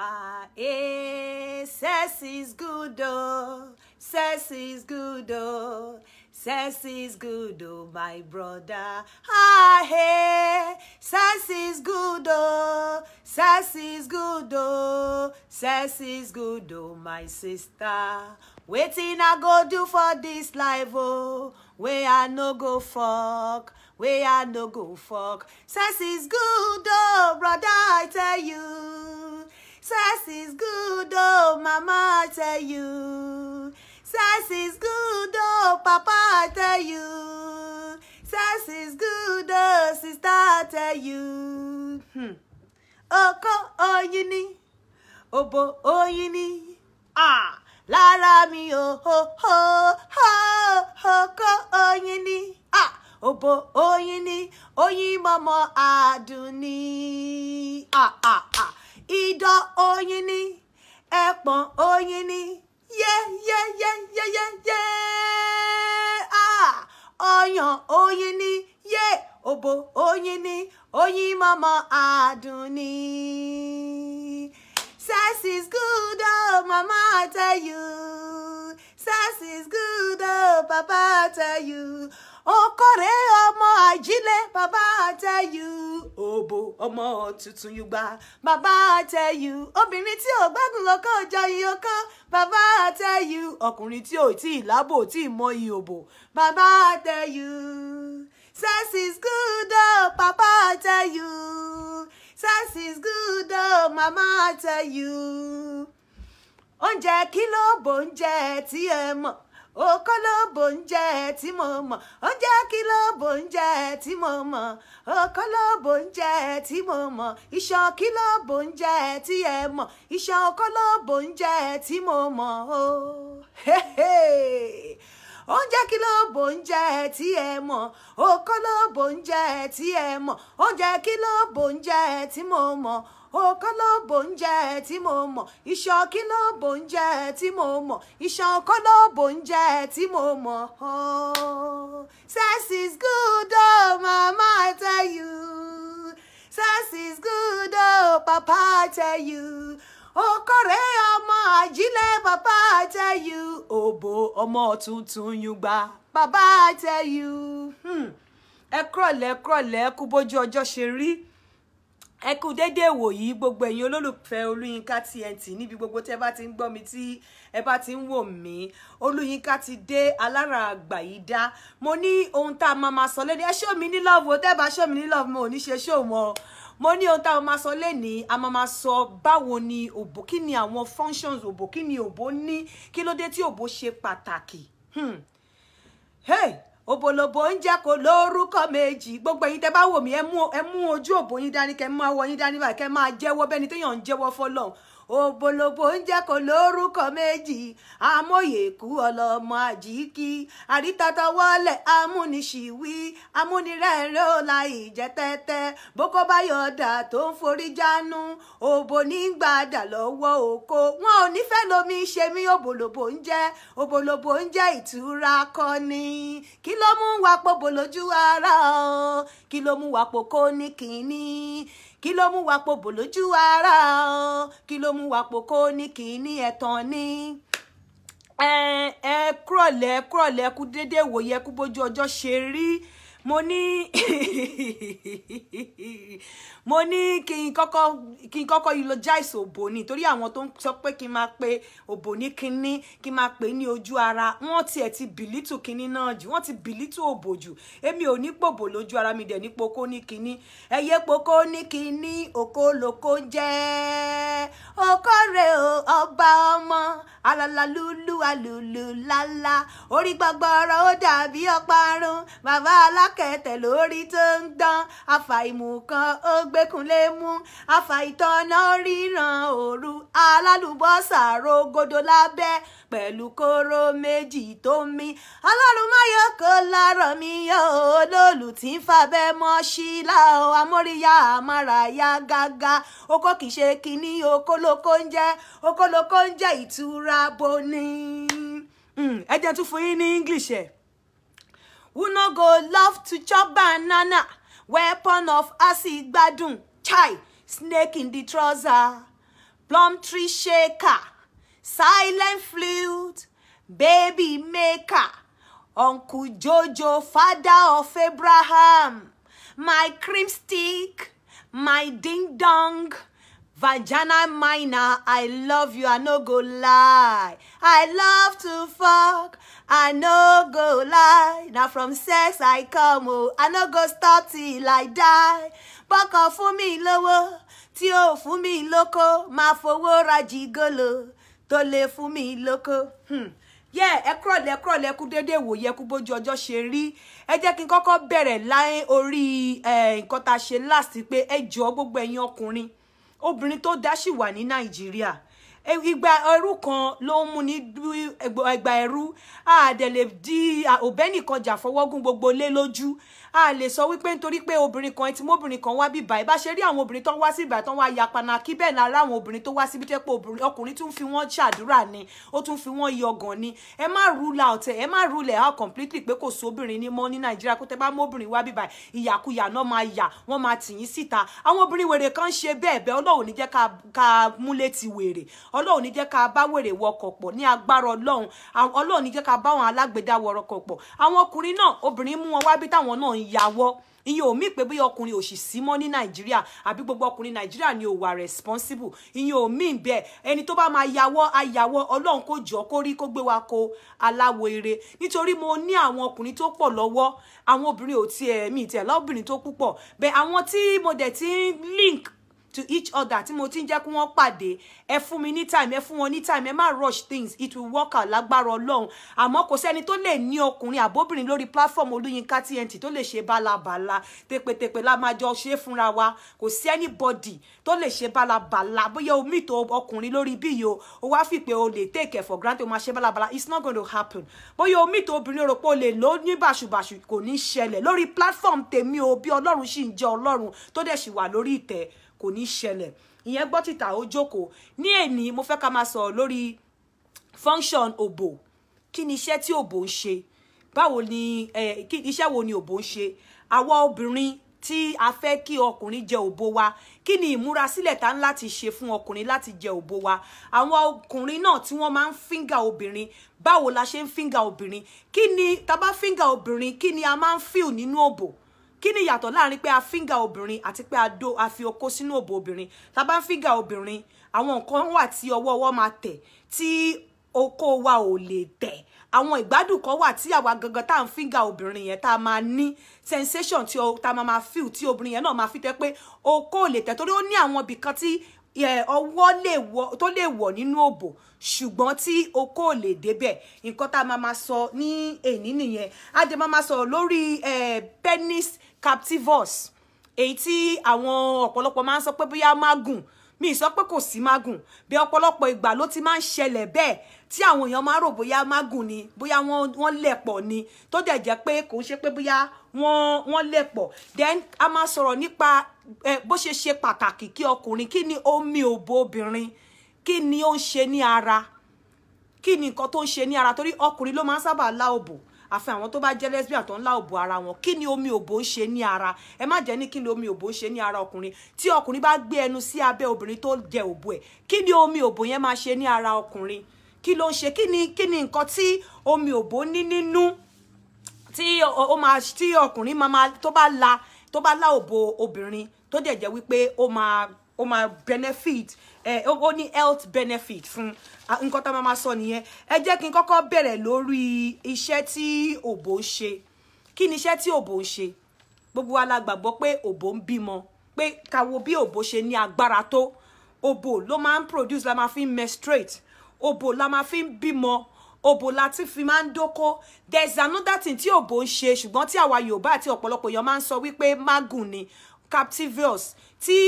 Ah, eh, sex is good, oh, sex is good, oh, sex is good, oh, my brother. Ah, eh, sex is good, oh, sex is good, oh, sex is good, oh, my sister. Wetin I go do for this life, oh, where I no go fuck. Where I no go fuck. Sex is good, oh, brother, I tell you. Sex is good, oh, mama, I tell you. Sex is good, oh, papa, I tell you. Sex is good, oh, sister, I tell you. Hmm. Oko oyini, obo oyini, ah, lára mi o, oh, ho, ho, ho, oko oyini, ah, obo oyini, oyin mọmọ aduni, ah, ah, ah. idọ oyin ni ẹpọ̀n oyin ni yẹ́yẹ́yẹ́yẹ́yẹ́ ọyàn oyin ni yẹ́ òbò oyin ni oyin obo adùn ni. Sex is good, oh mama I tell you. Sex is good, oh papa I tell you okore ọmọ àjílé bàbá àtẹyù òbò ọmọ tuntun yùgbà bàbá àtẹyù obìnrin tí ò gbádùn lọkọ ọjọ ìyókọ bàbá àtẹyù ọkùnrin tí ò tí ì lábò tí ì mọ ìhòbò bàbá àtẹyù sex is good oh papa àtẹyù sex is good oh mama àtẹyù oúnjẹ kí ló bò ń jẹ tí ẹ mọ̀ oko lóbo ń jẹ́ tí mo mọ̀ ó jẹ́ kí lóbo ń jẹ́ tí mo mọ̀ oko lóbo ń jẹ́ tí mo mọ̀ iṣan kí lóbo ń jẹ́ tí ẹ mọ̀ iṣan oko lóbo ń jẹ́ tí mo mọ̀ o. Oh, hey, hey oúnjẹ kí ló bò ń jẹ tí ẹ mọ̀ okó ló bò ń jẹ tí ẹ mọ̀ oúnjẹ kí ló bò ń jẹ tí mo mọ̀ ọkọ ló bò ń jẹ tí mo mọ̀ iṣan kí ló bò ń jẹ tí mo mọ̀ iṣan ọkọ ló bò ń jẹ tí mo mọ̀ oh sex is good oh mama I tell you sex is good oh papa I tell you okòrè ọmọ àjílẹ̀ bàbá I tell you òbò ọmọ tuntun yùngbà bàbá I you hmm. ẹ kúrọ̀lẹ́ kúrọ̀lẹ́ kú bójú ọjọ́ ṣe rí ẹ kú dédé ìwòyí gbogbo ẹ̀yin olólùfẹ́ olúyinka TNT níbi gbogbo tẹ́ bá ti ń gbọ́ mi tí ẹ bá ti ń wò mí olúyinka ti dé alára àgbà yìí dá mo ní ohun tá a máa máa sọ lẹ́ni ẹ ṣó mi ní love o tẹ́ bá ṣó mi ní love mo ò ní ṣe ṣó mọ́ ọ mo ní ohun táwọn máa sọ lénìí a máa máa sọ báwo ni òbò kí ni àwọn functions òbò kí ni òbò ní kí ló dé tí òbò ṣe pàtàkì hmm. òbòlòbò ń jẹ́ kó lórúkọ méjì gbogbo ẹ̀yin tẹ́ bá wò mí ẹ mú ojú òbò yín dání kẹ́ máa wọ yín dání báyìí kẹ́ máa jẹ́wọ́ bẹ́ni téèyàn ń jẹ́wọ́ fọlọ́run òbòlòbò ń jẹ́ kó lórúkọ méjì amóyèkú ọlọ́mọ àjíkí àrítàtàwọ́lẹ̀ amúniṣìwí amúnirẹ́rẹ́ ọ̀la ìjẹ́tẹ́tẹ́ bókó bá yọ̀ọ̀dà tó ń forí jánu òbò nígbà dà lọ́wọ́ òkó wọn ò nífẹ̀ẹ́ lomi ṣe mí òbòlòbò ń jẹ́ òbòlòbò ń jẹ́ ìtura kọ́ni kí ló mú wa pòbò lójú ara o kí ló mú wa pòkó ní kínní kí ló mú wa po bò lójú ara o kí ló mú wa po kó ní kì í ní ẹ̀tàn ẹ kúrọ̀lẹ́ kúrọ̀lẹ́ kú déédéé wòye kú bójú ọjọ́ ṣe rí mo ní mo ní kí n kọ́kọ́ kí n kọ́kọ́ eulogize Òbòní torí àwọn tó ń sọ pé kí n máa pe Òbòní kínní kí n máa pè ní ojú ara wọ́n tiẹ̀ ti bìlítù kínní náà jù wọ́n ti bìlítù Òbò jù èmi ò ní pòbò lójú ara mi dẹ̀ ní poko ní kínní ẹyẹ poko ní kínní òkó lóko jẹ́ okòrè ọba ọmọ alala lulu alulu lala orí gbọgbọrọ ó dàbí ọparun bàbá alákẹ̀tẹ̀ lórí tó ń dán àfàìmù kan ó gbé gbẹ́kúnlé mú àfàìtọ́nà ríran òru alálùbọ́sà rogodo lábẹ́ pẹ̀lú kóró méjì tó mí ọlọ́run máyọ̀ kó lárọ̀ mi yọ olóòlù tí ń fàbẹ́ mọ́ ṣílá o amóríyá amárayá gágá oko kìí ṣe kínní okólókó ń jẹ́ okólókó ń jẹ́ ìtura boni. Hmm, ẹ jẹ́ tún fún yín ní english ẹ̀. we no go love to chop banana weapon of acid gbádùn chai snake in the trouser plum tree shaker silent flute baby maker uncle jojo father of abraham my cream stick my ding dong vagina minor i love you i no go lie i love to fuck i no go lie Now from sex i come Oh, i no go stop till i die bọ́kọ fún mi lówó tí ò fún mi lóko Ma fowó ra jìgolo tó lè fún mi Hmm Yeah, ẹ kúrọ̀lẹ́ kúrọ̀lẹ́ kú déédéé wòye kú bójú ọjọ́ ṣe rí ẹ jẹ́ kí n kọ́kọ́ bẹ̀rẹ̀ láyé orí eh, nǹkan tá a ṣe láti pé ẹ jọ gbogbo ẹ̀yin ọkùnrin obìnrin tó dá sì wà ní nàìjíríà ìgbà ẹrú kan ló ń mú ní ẹgbà ẹrú àdẹ̀lẹ̀ di òbẹ́nìkan jà fọwọ́gún gbogbo lé lójú a lè sọ wípé nítorí pé obìnrin kan tí mọ́bìnrin kan wá bí báyìí bá ṣe rí àwọn obìnrin tó wá sí ìgbà tó wá ya panaki bẹ́ẹ̀ náà ara àwọn obìnrin tó wá síbi tẹ́ pé ọkùnrin tún fi wọ́n ṣàdúrà ni ó tún fi wọ́n yọgàn ni ẹ má rule out ẹ má rule out completely pé kò sóbìnrin ní mọ́ ní nàìjíríà kó tẹ bá mọ́bìnrin wá bí báyìí ìyàkuyà náà máa yà wọ́n máa tì yín síta àwọn obìnrin wèrè kan ṣe bẹ́ẹ̀ bẹ́ẹ̀ ọlọ́run ní jẹ́ ká múlé ti wèrè ọlọ́run ní jẹ́ ká bá wèrè wọkọ̀ pọ̀ ní agbára ọlọ́run ọlọ́run ní jẹ́ ká bá àwọn alágbèdá wọkọ̀ pọ̀ àwọn ọkùnrin náà obìnrin mú wọn ń yàwọ́ ìyẹn ò mí pé bí ọkùnrin ò sì sí mọ́ ní nàìjíríà àbí gbogbo ọkùnrin nàìjíríà ni ò wà responsible ìyẹn ò mí bẹ́ẹ̀ ẹni tó bá máa yàwọ́ ayàwọ́ ọlọ́run kò jọ kó rí kó gbé wa ko aláwọ̀ eré nítorí mo ní àwọn ọkùnrin tó pọ̀ lọ́wọ́ àwọn obìnrin ò tiẹ̀ mi tiẹ̀ lọ́bìnrin tó púpọ̀ bẹ́ẹ̀ àwọn tí mo dẹ̀ ti ń link to each other tí mo ti ń jẹ́ kí wọ́n pàdé ẹ mi ní time ẹ fún wọn ní time ẹ má rush things it will work out lágbára ọlọ́run àmọ́ kò sẹ́ni tó lè ní ọkùnrin àbóbìnrin lórí platform olúyinka TNT tó lè ṣe bálabàla tepetèpè la máa jọ ṣe fúnra wa kò sí anybody tó lè ṣe bálabàla bóyá o meet ọkùnrin lórí bí yo o wá fi pé o lè take for granted o máa ṣe bálabàla it's not going to happen bóyá o meet obìnrin rò pé o lè lò ní bàṣubàṣu kò ní ṣẹlẹ̀ lórí platform tèmi o bí ọlọ́run ṣì ń jẹ́ ọlọ́run tó dẹ̀ ṣì wà lórí kò ní ṣẹlẹ̀ ìyẹn gbọ́ títà ó jókòó ní èní mo fẹ́ ká máa sọ̀rọ̀ lórí function òbò kí ni iṣẹ́ tí òbò ń ṣe báwo ni iṣẹ́ wo ni òbò ń ṣe àwa obìnrin tí a fẹ́ kí ọkùnrin jẹ òbò wa kí ni ìmúrasílẹ̀ tá ń láti ṣe fún ọkùnrin láti jẹ òbò wa àwọn ọkùnrin náà tí wọ́n máa ń fíngà obìnrin báwo la ṣe ń fíngà obìnrin kí ni tá bá fíngà obìnrin kí ni a máa ń fíl nínú òbò kí ni yàtọ̀ láàrin pé a fíńgà obìnrin àti pé a do a fi okó sínú òbò obìnrin tá a bá ń fíńgà obìnrin àwọn nǹkan wà tí ọwọ́ ọwọ́ máa tẹ̀ tí okó wa ò lè tẹ̀ àwọn ìgbádùn kan wà tí àwa gangan tá à ń fíńgà obìnrin yẹn tá a máa ní sensation tí o a máa feel tí obìnrin yẹn náà máa fi tẹ́ pé oko ò lè tẹ̀ torí ó ní àwọn ibìkan tí ọwọ́ tó lè wọ̀ nínú òbò ṣùgbọ́n tí okó ò lè débẹ̀ nǹkan tá a máa máa sọ ní èní nìyẹn a dẹ̀ máa máa sọ lórí penis captivus èyí tí àwọn ọ̀pọ̀lọpọ̀ máa ń sọ pé bóyá mágùn mi sọ pé kò sí mágùn bí ọ̀pọ̀lọpọ̀ ìgbà ló ti máa ń ṣẹlẹ̀ bẹ́ẹ̀ tí àwọn èèyàn máa rò bóyá mágùn ni bóyá wọ́n wọ́n lẹ̀ pọ̀ ni tó dẹ̀ jẹ́ pé kò ń ṣe pé bóyá wọ́n wọ́n lẹ̀ pọ̀ then a máa sọ̀rọ̀ nípa ẹ bó ṣe ṣe pàtàkì kí ọkùnrin kí ni omi òbò obìnrin kí ni ó ń ṣe ní ara kí ni nǹkan tó ń ṣe ní ara torí ọkùnrin ló máa ń sábà lá òbò àfi àwọn tó bá jẹ́ lesbian tó ń lá òbò ara wọn kí ni omi òbò ń ṣe ní ara ẹ má jẹ́ ní kí ni omi òbò ń ṣe ní ara ọkùnrin tí ọkùnrin bá gbé ẹnu sí abẹ́ obìnrin tó jẹ òbò ẹ̀ kí ni omi òbò yẹn máa ṣe ní ara ọkùnrin kí ló ń ṣe kí ni kí ni nǹkan tí omi òbò ní nínú tí ó máa tí ọkùnrin máa tó bá la tó bá lá òbò obìnrin tó dẹ̀ jẹ́ wípé ó máa ó máa benefit ẹ ó ní health benefit fún nǹkan tá a máa sọ nìyẹn ẹ jẹ́ kí n kọ́kọ́ bẹ̀rẹ̀ lórí iṣẹ́ tí òbò ń ṣe kí ni iṣẹ́ tí òbò ń ṣe gbogbo wa la gbàgbọ́ pé òbò ń bímọ pé ká wo bí òbò ṣe ní agbára tó òbò ló máa ń produce la máa fi ń menstruate òbò la máa fi ń bímọ òbò la ti fi máa ń dóko there is another thing tí òbò ń ṣe ṣùgbọ́n tí àwa Yorùbá àti ọ̀pọ̀lọpọ̀ èèyàn máa ń sọ wípé magun ni captivus tí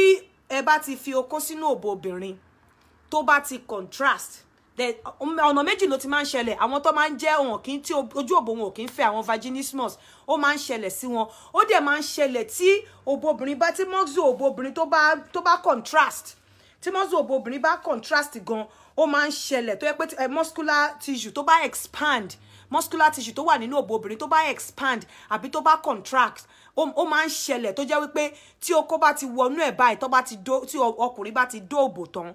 ẹ bá ti fi okó sínú òbò obìnrin tó bá ti contrast ọ̀nà méjì ló ti máa ń ṣẹlẹ̀ àwọn tó máa ń jẹ́ wọn kì í tí ojú òbò wọn kì í fẹ́ àwọn vaginismus ó máa ń ṣẹlẹ̀ sí wọn ó dẹ̀ máa ń ṣẹlẹ̀ tí òbò obìnrin bá tí mọ́xo òbò obìnrin tó bá tó bá contrast tí mọ́xo òbò obìnrin bá contrast gan ó máa ń ṣẹlẹ̀ tó yẹ pé eh, muscular tissue tó bá expand muscular tissue tó wà nínú òbò obìnrin tó bá expand àbí tó bá contract ó máa ń ṣẹlẹ̀ tó jẹ́ wípé tí okó bá ti wọnú ẹ̀ báyìí tó bá ti dó tí ọkùnrin bá ti dóòbò tán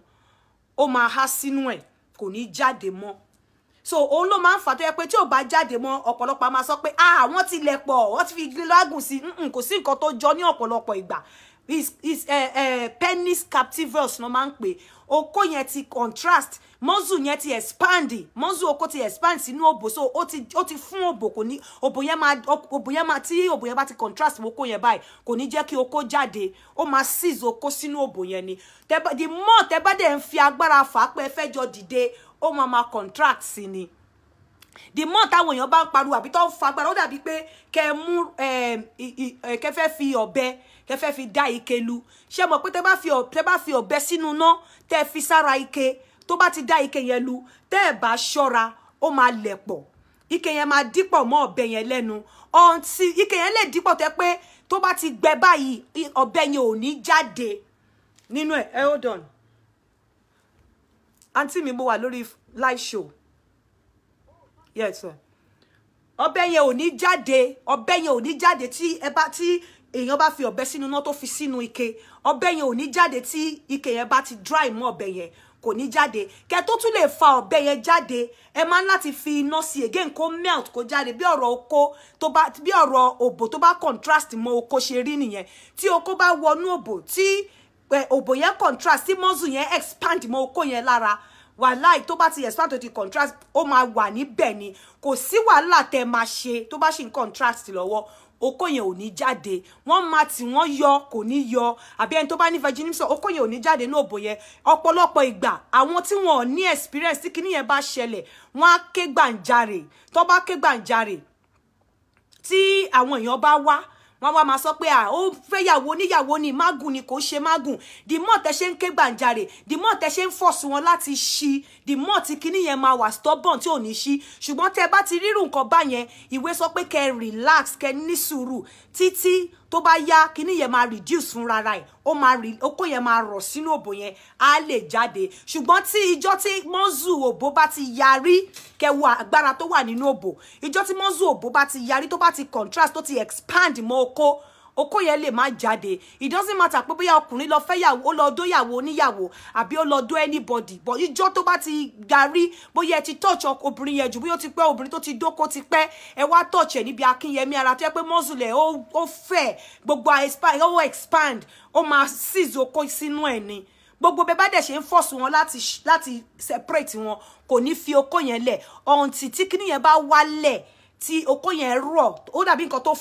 ó máa há sínú ẹ̀ kò ní jáde mọ́ so òun ló máa ń fà tó yẹ pé tí ò bá jáde mọ́ ọ̀pọ̀lọpọ̀ a máa sọ pé ah wọ́n ti lẹ̀ pọ̀ wọ́n ti fi lágùn sí kò sí nǹkan tó jọ ní ọ̀pọ̀lọpọ̀ ìgbà is eh, eh, penis captivus ló máa ń pè okó yẹn ti contrast mọ́zù yẹn ti expand mọ́zù oko ti expand sínú òbò so ó ti ó ti fún òbò kò ní òbò yẹn máa òbò yẹn máa tí òbò yẹn ti contrast mọ́ oko yẹn báyìí kò ní jẹ́ kí oko jáde ó máa seize oko sínú òbò yẹn ni the more tẹ bá dẹ̀ ń fi agbára fà á pé ẹ fẹ́ jọ dìde ó máa máa contract sí the more táwọn èèyàn bá ń pariwo àbí tó ń fa agbára ó dàbí pé kẹ mú eh, eh, kẹ fi ọ̀bẹ kẹ fẹ́ fi dá ike lu ṣé mọ̀ pé tẹ bá fi ọ̀bẹ sínú náà tẹ fi sára ike tó bá ti dá ike yẹn lu tẹ́ ẹ̀ bá ṣọ́ra ó máa lẹ̀ pọ̀ ike yẹn máa dípọ̀ mọ́ ọ̀bẹ yẹn lẹ́nu ọ̀ǹtí ike yẹn lè dípọ̀ tẹ́ pé tó bá ti gbẹ báyìí ọ̀bẹ yẹn ò ní jáde nínú ẹ̀ ẹ̀ hold on àǹtí mi mo wà lórí live show yes sir ọ̀bẹ yẹn ò ní jáde ọ̀bẹ yẹn ò ní jáde tí ẹ bá tí èèyàn bá fi ọ̀bẹ sínú iná tó fi sínú ike ọ̀bẹ yẹn ò ní jáde tí ike yẹn bá ti dry mọ́ ọ̀bẹ yẹn kò ní jáde kẹ tó tún lè fa ọ̀bẹ yẹn jáde ẹ máa ń láti fi iná sí again kó melt kó jáde bí ọ̀rọ̀ oko tó bá bí ọ̀rọ̀ òbò tó bá contrast mọ́ oko ṣe rí nìyẹn tí oko bá wọnú òbò tí òbò yẹn contrast tí muscle yẹn expand mọ́ oko yẹn lára wàhálà tó bá ti expand tó ti contrast ó máa wà níbẹ̀ ni kò sí wàhálà tẹ máa ṣe tó bá ṣì ń contrast lọ́wọ́ Oko yẹn ò ní jáde wọ́n máa tì wọ́n yọ kò ní yọ àbí ẹni tó bá ní vaginism okó yẹn ò ní jáde ní òbò yẹn ọ̀pọ̀lọpọ̀ ìgbà àwọn tí wọn experience tí kinní yẹn bá ṣẹlẹ̀ wọ́n á ké gbàǹjarè tó bá ké gbàǹjarè tí àwọn èèyàn bá wọ́n wá máa sọ pé à ó fẹ́yàwó níyàwó ni mágùn ni kò ṣe mágùn the more tẹ ṣe ń ké gbàǹjarè the more tẹ ṣe ń fọ̀sùn wọn láti ṣí the more tí kinní yẹn máa wà stubborn tí ò ní ṣí ṣùgbọ́n tẹ bá ti rírun nǹkan bá yẹn ìwé sọ pé kẹ relax kẹ ní sùúrù títí tó bá yá kíní yẹn máa reduce fún rárá ẹ ó máa rí okó yẹn máa rọ̀ sínú òbò yẹn á lè jáde ṣùgbọ́n tí ìjọ tí mọ́zù òbò bá ti yarí kẹwo agbára tó wà nínú òbò ìjọ tí mọ́zù òbò bá ti yarí tó bá ti contrast tó ti expand mọ́ okó okó yẹn lè má jáde it doesn't matter pé bóyá ọkùnrin lọ fẹ́ yàwó ó lọ dó yàwó oníyàwó àbí ó lọ dó anybody but ìjọ́ tó bá ti garí bóyá ẹ ti touch obìnrin yẹn jù bóyá ó ti pẹ́ obìnrin tó ti dóko ti pẹ́ ẹ wá touch ẹ̀ níbi akínyẹmí ara tó yẹ pé mọ́sùlẹ̀ ó fẹ̀ gbogbo ó expand ó máa seize okó sínú ẹ̀ ni gbogbo bẹ bá dẹ̀ ṣe ń fọ̀sùn wọn láti láti separate wọn kò ní fi okó yẹn lẹ̀ ọ̀ǹtì tí kíní yẹn bá wálẹ̀ tí okó yẹn rọ̀ ó dàbí nǹkan tó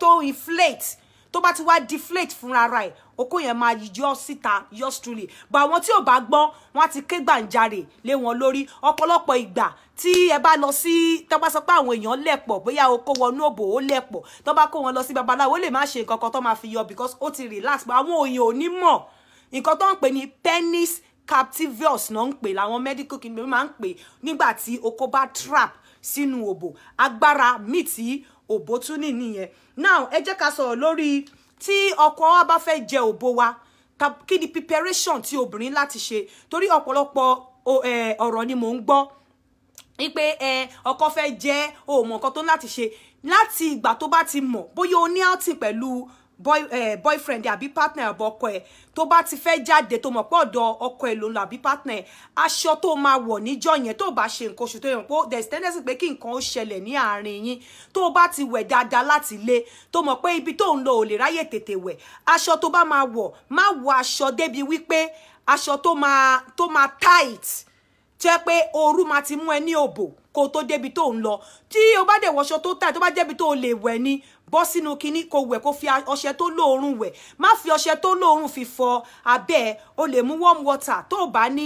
tó inflate tó bá ti wá deflate fúnra ra ẹ̀ okó yẹn máa yọ síta yours truly bá àwọn tí ò bá gbọ́n wọ́n ti ké gbàǹjarè lé wọn lórí ọ̀pọ̀lọpọ̀ ìgbà tí ẹ bá lọ sí tó bá sọ pé àwọn èèyàn lẹ̀pọ̀ bóyá okó wọnú òbò ó lẹ̀pọ̀ tó bá kó wọn lọ sí babaláwo ó lè má ṣe nǹkan kan tó fi yọ because ó ti relax but àwọn òyìn ò ní mọ̀ nǹkan tó ń penis captivus náà ń pè làwọn medical kìnìún máa ń pè nígbà tí okó trap sínú òbò agbára míì tí òbó tún ní nìyẹn now ẹ jẹ́ ká sọ̀rọ̀ lórí tí ọkọ wa bá fẹ́ jẹ òbó wa kí ni preparation ti obìnrin láti ṣe torí ọ̀pọ̀lọpọ̀ ọ̀rọ̀ ni mò ń gbọ́ wípé ọkọ fẹ́ jẹ òmò nǹkan tó ń láti ṣe láti ìgbà tó bá ti mọ̀ bóyá o ní outing pẹ̀lú boy eh, boyfriend àbí partner àbọ̀ ọkọ ẹ̀ tó bá ti fẹ́ jáde tó mọ̀ pé ọ̀dọ̀ ọkọ ẹ̀ ló ń lọ partner ẹ̀ to ma wo ni níjọ́ to ba bá ṣe nǹkan oṣù tó yàn there's tendency pé kí nǹkan ó ṣẹlẹ̀ ní àárín yín tó bá ti wẹ̀ dáadáa láti ilé tó mọ̀ pé ibi to ń lọ ò lè ráyè tètè wẹ̀ aṣọ tó bá máa wọ̀ má wọ aṣọ débi wípé aṣọ tó máa tó máa tight jẹ́ pé ooru máa ti mú ẹ ní òbò kó tó débi tó ń lọ tí o bá dẹ̀ wọṣọ tó tight tó bá débi tó lè wẹ̀ ni bọ́ sínú kini kó wẹ̀ kó fi ọṣẹ tó lóòórùn wẹ̀ má fi ọṣẹ tó lóòórùn fi fọ abẹ́ o le mú warm water to o bá ní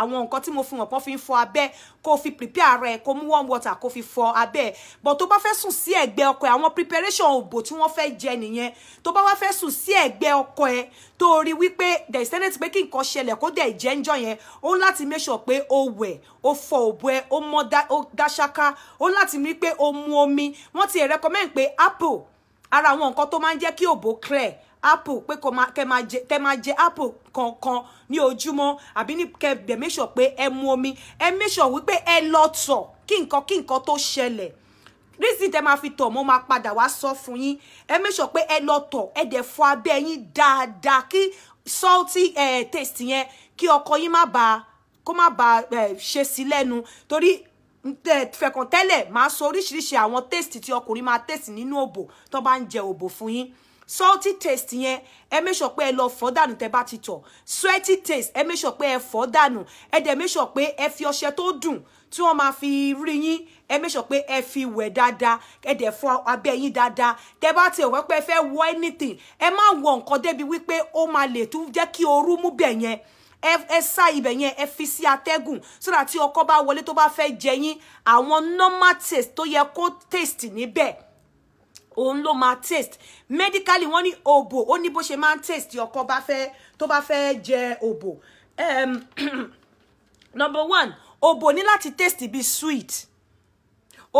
àwọn nǹkan tí mo fi hàn pọ́n fi fọ abẹ́ kó fi prepare rẹ kó warm water kó fi fọ abẹ́ bọ̀ tó bá fẹ́ sùn sí ẹ̀gbẹ́ ọkọ ẹ̀ preparation òbò tí wọ́n fẹ́ jẹ nìyẹn tó bá wá fẹ́ sùn sí ẹ̀gbẹ́ ọkọ ẹ̀ tó rí wípé there is tendency pé kí nǹkan ṣẹlẹ̀ kó dẹ̀ jẹ́ ńjọ́ yẹn ó make sure pé o wẹ̀ o fọ òbò ẹ o mọ́ dáṣáká ó ń láti rí pé o mu omi wọ́n ti recommend pé apple ara àwọn nǹkan tó máa ń jẹ́ kí òbó clear apple pé kò máa kẹ́ máa jẹ tẹ́ máa jẹ apple kankan ní ojúmọ́ àbí ní kẹ́ dẹ̀ make sure pé ẹ mu omi ẹ make sure wípé ẹ lọ tọ̀ kí nǹkan kí nǹkan tó ṣẹlẹ̀ reason tẹ́ máa fi tọ̀ mo máa padà wá sọ fún yín ẹ make pé ẹ lọ tọ̀ ẹ dẹ̀ fọ abẹ́ yín dáadáa kí salty eh, taste yẹn kí ọkọ yín má bàa kó má bàa ṣe sí lẹ́nu torí fẹ̀kàn tẹ́lẹ̀ máa sọ oríṣiríṣi àwọn taste tí ọkùnrin máa taste nínú òbò tó bá ń jẹ òbò fún yín salty taste yẹn ẹ make sure pé ẹ lọ fọ̀ dànù tẹ́ bá ti tọ̀ sweaty taste ẹ make sure pé ẹ fọ̀ dànù ẹ dẹ̀ make sure pé ẹ fi ọṣẹ tó dùn tí wọ́n máa fi rí yín ẹ make sure pé ẹ fi wẹ̀ dáadáa ẹ dẹ̀ fọ̀ abẹ́ yín dáadáa tẹ́ bá ti wọ pé ẹ fẹ́ wọ anything ẹ má wọ nǹkan débi wípé ó máa lè tún jẹ́ kí ooru mú bẹ̀ yẹn ẹ sá ibẹ̀ yẹn ẹ fi sí atẹ́gùn so that tí ọkọ bá wọlé tó bá fẹ́ jẹ yín àwọn normal taste tó yẹ kó taste níbẹ̀ òun ló máa taste medically wọ́n ní òbò ó ní bó ṣe máa ń taste ọkọ bá fẹ́ tó fe je obo. um, number one obo ni lati taste bí sweet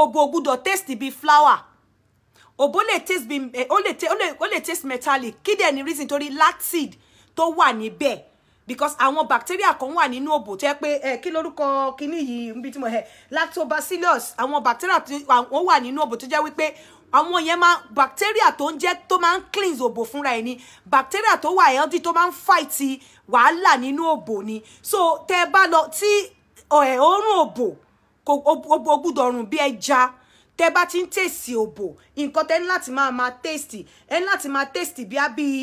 òbò gbúdọ̀ taste bí flower òbò lè taste bí eh, ó lè taste metallic Kide dẹ̀ ni reason torí lacid tó wà níbẹ̀ because àwọn bacteria kan wà nínú òbò tó yẹ pé ẹ kí lórúkọ kíní yìí níbi tí mo ẹ lactobacillus àwọn bacteria tó wà nínú òbò tó jẹ́ wípé àwọn yẹn máa bacteria tó ń jẹ́ tó máa ń cleanse òbò fúnra ẹ̀ ni bacteria tó wà healthy tó máa ń fight wàhálà nínú òbò ni so tẹ́ ẹ bá lọ tí òórùn òbò kò òbò gbúdọ̀ ọ̀rùn bí ẹja tẹ́ bá ti ń tèsì òbò nǹkan tẹ́ ní láti máa máa tèsì ẹ ní láti máa tèsì bí á bíi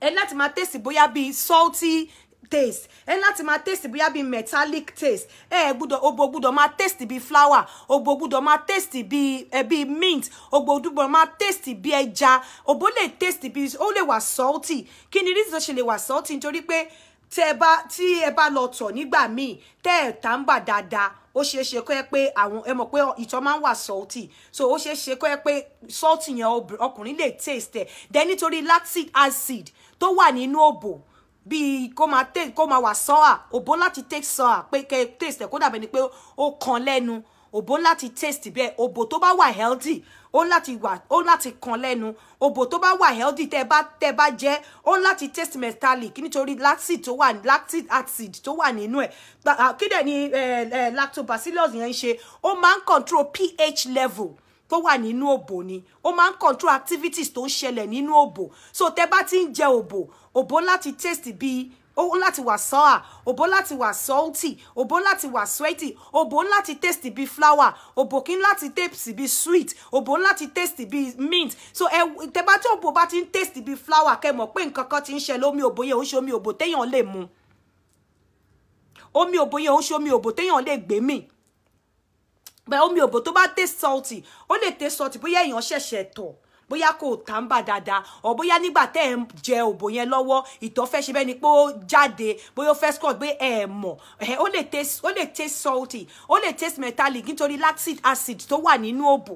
And láti my tẹ̀sí bóyá be salty taste And láti my taste bóyá be metallic taste Eh, ẹ gbúdọ̀ ogbó gbúdọ̀ máa taste bíi flower ogbó gbúdọ̀ máa taste be ẹ bíi mint ogbó gbúdọ̀ máa taste be ẹja ogbó le taste be ó lè wà salty Kini this reason ṣe lè wà salty nítorí pé tí ẹ ti tí ẹ bá lọ tọ̀ nígbà míì tẹ́ ẹ̀ tá ń bà dáadáa ó ṣeé ṣe kọ́ ẹ pé àwọn ẹ mọ̀ pé salty so ó ṣeé ṣe kọ́ ẹ pé salty yẹn ọkùnrin le taste ẹ̀ then nítorí lactic acid tó wà nínú òbò bíi kó máa tẹ kó máa wà sọ́à òbó láti take sọ́à pé kẹ taste ẹ̀ kó dàbẹ̀ ni pé ó kan lẹ́nu òbó láti taste bẹ́ẹ̀ òbò tó bá wà healthy ó láti wà ó láti kan lẹ́nu òbò tó bá wà healthy tẹ́ bá tẹ́ bá jẹ́ ó láti taste metallic nítorí lactic tó wà lactic acid tó wà nínú ẹ̀ kí dẹ̀ ni eh, eh, lactobacillus yẹn ń ṣe ó máa ń control pH level tó wà nínú òbò ni ó máa ń control activities tó ń ṣẹlẹ̀ nínú òbò so tẹ bá ti ń jẹ òbò òbò láti taste bíi òbò láti wà sour òbò láti wà salty òbò láti wà sweaty òbò láti taste bíi flower òbò kí n láti taste bíi sweet òbò láti taste bíi mint so ẹ tẹ bá tí òbò bá ti ń taste bíi flower kẹ mọ̀ pé nǹkan kan ti ń ṣẹlẹ̀ omi òbò yẹn ò ń ṣe omi òbò téèyàn lè mu omi òbò yẹn ò ń ṣe omi òbò téèyàn lè gbé mì bẹ́ẹ̀ omi òbò tó bá taste salty ó lè taste salty bóyá èèyàn ṣẹ̀ṣẹ̀ tọ̀ bóyá kò tá ń bà dáadáa ọ bóyá nígbà tẹ́ ẹ̀ ń jẹ ito fe lọ́wọ́ ìtọ̀ fẹ́ ṣe bẹ́ẹ̀ ni pé ó jáde bóyá ó fẹ́ scott pé ẹ̀ mọ̀ ẹ̀ ó lè taste ó lè taste salty ó lè taste metallic Nitori lactic acid tó wa nínú òbò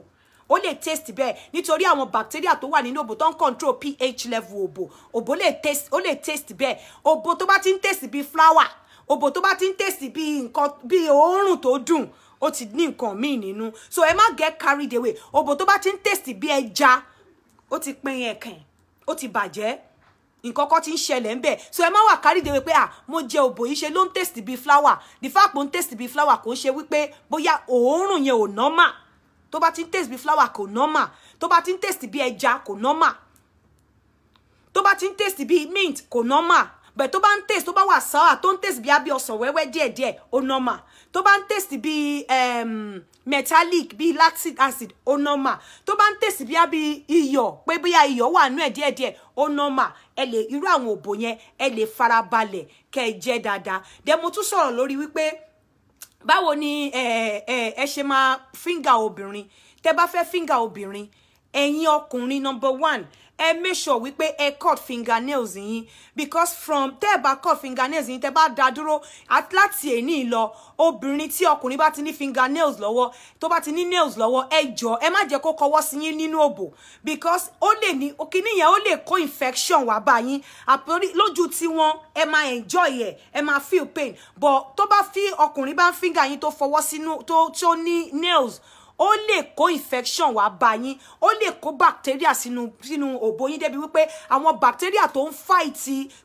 ó lè taste bẹ́ẹ̀ Nitori àwọn bacteria tó wa nínú òbò tó ń control pH level òbò òbò le taste ó lè taste bẹ́ẹ̀ òbò tó bá ti taste bíi flower òbò tó bá ti taste bíi nǹkan bíi òórùn tó dùn ó ti ní nǹkan míì nínú so ẹ má get carried away Obo tó bá ti ń tèsì bí ẹja ó ti pin ẹ̀kàn ó ti bàjẹ́ nǹkan kan ti ń ṣẹlẹ̀ ń bẹ̀ so ẹ má wà carried away pé ah mo jẹ òbò yìí ṣe ló ń tèsì bí flower the fact pé ó ń tèsì bí flower kò ń ṣe wípé bóyá òórùn yẹn ò normal tó bá ti ń tèsì bí flower kò normal tó bá ti ń tèsì bí ẹja kò normal tó bá ti ń tèsì bí mint kò normal But tó bá taste tó bá wà sour tó ń taste bí abí ọsàn wẹ́wẹ́ die ó normal tó bá taste bi um, metallic bi lactic acid ó normal tó bá ń taste bí iyo, iyọ̀ pé bóyá iyọ̀ wà nú ẹ̀ díẹ̀díẹ̀ ó normal ẹ lè irú àwọn òbò yẹn ẹ lè farabalẹ̀ kẹ́ ẹ jẹ dáadáa dẹ̀ mo tún sọ̀rọ̀ lórí wípé báwo ni ẹ ẹ ẹ ṣe máa fíńgà obìnrin tẹ́ bá fẹ́ fíńgà obìnrin ẹ̀yin ọkùnrin number one ẹ make sure wípé ẹ cut fingernails yín because from tẹ́ ẹ bá cut fingernails yín tẹ́ bá dá dúró láti èní lọ obìnrin tí ọkùnrin bá ti ní fingernails lọ́wọ́ tó bá ti ní nails lọ́wọ́ ẹ jọ ẹ má jẹ́ kó kọwọ́ sí yín nínú òbò because ó lè ní kíní yẹn ó lè kó infection wá bá yín àpòrí lójú tiwọn ẹ máa enjoy ẹ ẹ máa feel pain but tó bá fi ọkùnrin bá ń finger yín tó fọwọ́ sínú tó tó ní nails ó lè kó infection wá bá yín ó lè kó bacteria sínú sínú òbò yín débi wípé àwọn bacteria tó ń fight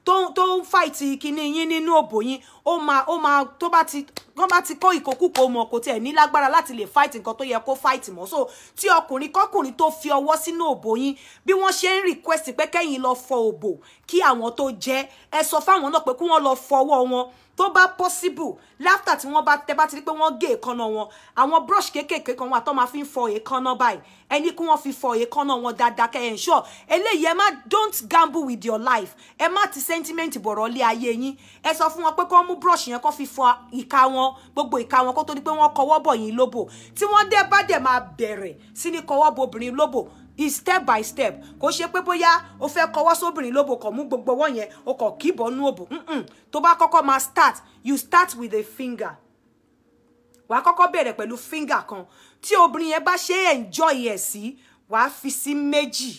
tó tó ń fight kíní yín nínú òbò yín ó máa ó máa tó bá ti wọ́n bá ti kó ìkókúkó mọ̀ kò tiẹ̀ ní lágbára láti lè fight nǹkan tó yẹ kó fight mọ́ so tí ọkùnrin kọ́kùnrin tó fi ọwọ́ sínú òbò yín bí wọ́n ṣe ń request pé kẹ́yìn lọ fọ òbò kí àwọn tó jẹ́ ẹ sọ fáwọn náà pé kí wọ́n lọ fọwọ́ wọn tó bá possible láftà tí wọ́n bá tẹ́ bá ti rí pé wọ́n gé èékánná wọn àwọn brush kéékèèké kan wọn àtọ́ máa fi ń fọ èékánná báyìí ẹni kí wọ́n fi fọ èékánná wọn dáadáa kẹ́ ẹ̀ ń ṣọ́ eléyìí ẹ má don't gamble with your life ẹ má ti sentiment bọ̀rọ̀ lé ayé yín ẹ sọ fún wọn pé kí wọ́n mú brush yẹn kó fi fọ ìka wọn gbogbo ìka wọn kó to di pé wọ́n kọwọ́ bọ̀ yín lóbò tí wọ́n dẹ́ bá dẹ̀ máa bẹ̀rẹ̀ sí ní kọwọ́ bo obìnrin lóbò is step by step kò ṣe pé bóyá o fẹ́ kọwọ́ sóbìnrin lóbò kọ̀ mú gbogbo ọwọ́ yẹn o kọ̀ kíbọ̀ nú òbò tó bá kọ́kọ́ máa start you start with a finger wàá kọ́kọ́ bẹ̀rẹ̀ pẹ̀lú finger kan tí obìnrin yẹn bá ṣe enjoy ẹ̀ sí wàá fi sí méjì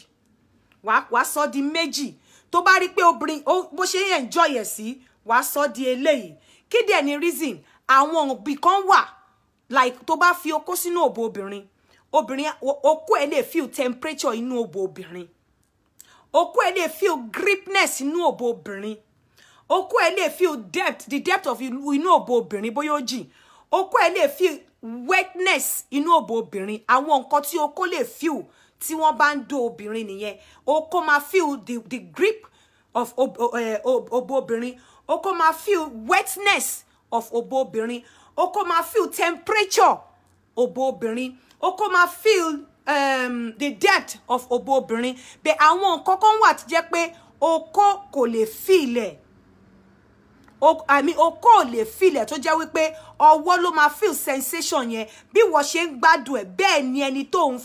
wàá sọ di méjì tó bá rí pé obìnrin bó ṣe enjoy ẹ̀ sí wàá sọ di eléyìí kí dẹ̀ ni reason àwọn òbí kan wà like tó bá fi okó sínú òbò obìnrin obìnrin okó ẹ lè feel temperature inú òbò obìnrin okó ẹ lè feel gripness inú òbò obìnrin okó ẹ lè feel depth the depth of inú obo obìnrin bóyá ó jìn okó ẹ lè feel wetness inú òbò obìnrin àwọn nǹkan tí okó lè feel tí wọ́n bá ń do obìnrin nìyẹn okó máa feel the, the grip of òbò eh, obìnrin okó máa feel wetness of òbò obìnrin okó máa feel temperature obo obìnrin ó kó máa feel um, the depth of òbò obìnrin bẹ́ẹ̀ àwọn nǹkan kan wà tí jẹ́ pé okó kò lè fìlẹ̀ àmì okó ò lè fìlẹ̀ tó jẹ́ wípé ọwọ́ ló máa feel sensation yẹn bí wọ́n ṣe ń gbádùn ẹ̀ bẹ́ẹ̀ ni ẹni tó ń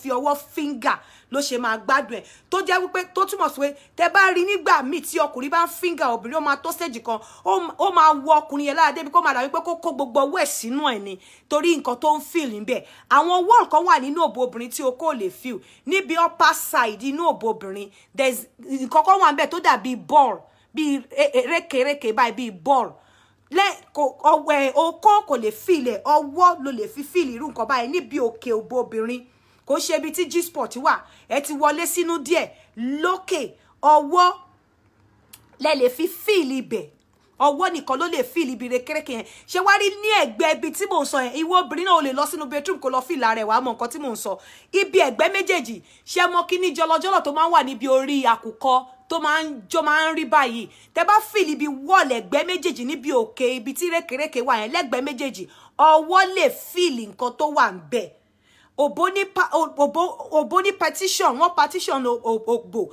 fi ọwọ́ fíńgà ló ṣe máa gbádùn ẹ̀ tó jẹ́ wípé tó túmọ̀ sí pé tẹ bá rí nígbà míì tí ọkùnrin bá ń fíngà obìnrin ó máa tó stage kan ó máa wọ ọkùnrin yẹn lára débi kó máa dà wípé kó kó gbogbo owó ẹ̀ sínú ẹ̀ ni torí nǹkan tó ń feel níbẹ̀ àwọn wall kan wà nínú òbò obìnrin tí o kò lè feel níbi upper side inú òbò obìnrin there's nǹkan kan wà níbẹ̀ tó dàbí ball bíi e, e, rékèrékè báyìí bíi ball ọwọ́ ẹ̀ okó kò lè feel ẹ̀ ọwọ́ ló lè fi feel irú nǹkan báyìí níbi òkè òbò obìnrin kò ṣe ibi tí Gsport wà ẹ ti wọlé sínú díẹ̀ lókè ọwọ́ lẹ lè fi fíìlì ibẹ̀ ọwọ́ nìkan ló lè fíìlì ibi rekereke yẹn ṣé wá rí ní ẹ̀gbẹ́ ibi tí mò ń sọ yẹn ìwọ obìnrin náà ò lè lọ sínú bedroom kó lọ fíìlì ara ẹ̀ wàá mọ nǹkan tí mò ń sọ ibi ẹ̀gbẹ́ méjèèjì ṣé mọ kíní jọlọjọlọ tó máa ń wà níbi orí àkùkọ tó máa ń jọ máa ń rí báyìí tẹ bá fìlì ibi wọ́ọ̀lù ẹ̀gbẹ́ méjèèjì níbi òkè ibi tí rékèrékè wà yẹn lẹ́gbẹ̀ẹ́ méjèèjì ọwọ́ lè fìlì nǹkan tó wà ń bẹ̀ Obo partition, wọ́n partition Obo.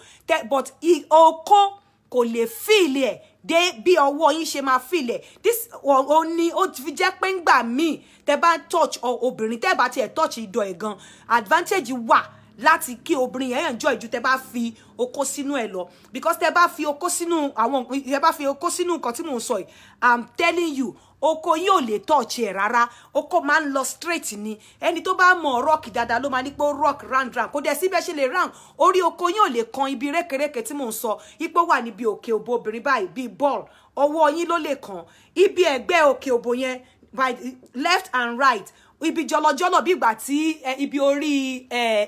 but Oko kò lè feel ẹ̀ dé bí ọwọ́ yín ṣe máa feel ẹ̀. This o ní ó fi jẹ́ pé ńgbà míì tẹ́ bá touch obìnrin tẹ́ bá tiẹ̀ touch ìdọ̀ ẹ̀ gan. Advantage wa láti kí obìnrin yẹn enjoy ju tẹ bá fi okó sínú ẹ lọ because tẹ bá fi okó sínú àwọn tẹ bá fi okó sínú nǹkan tí mò ń sọ yìí i'm telling you okó yìí ò lè touch ẹ rárá okó máa ń lọ straight ni ẹni tó bá mọ rock dáadáa ló máa ní pé ó rock round round kò dẹ̀ síbẹ̀ ṣe lè round orí okó yìí ò lè kan ibi rékèrékè tí mò ń sọ ipò wà níbi òkè òbò obìnrin báyìí bíi ball ọwọ́ yín ló lè kàn ibi ẹ̀gbẹ́ òkè òbò yẹn by left and right ibi jọlọjọlọ bí ìgbà tí ibi orí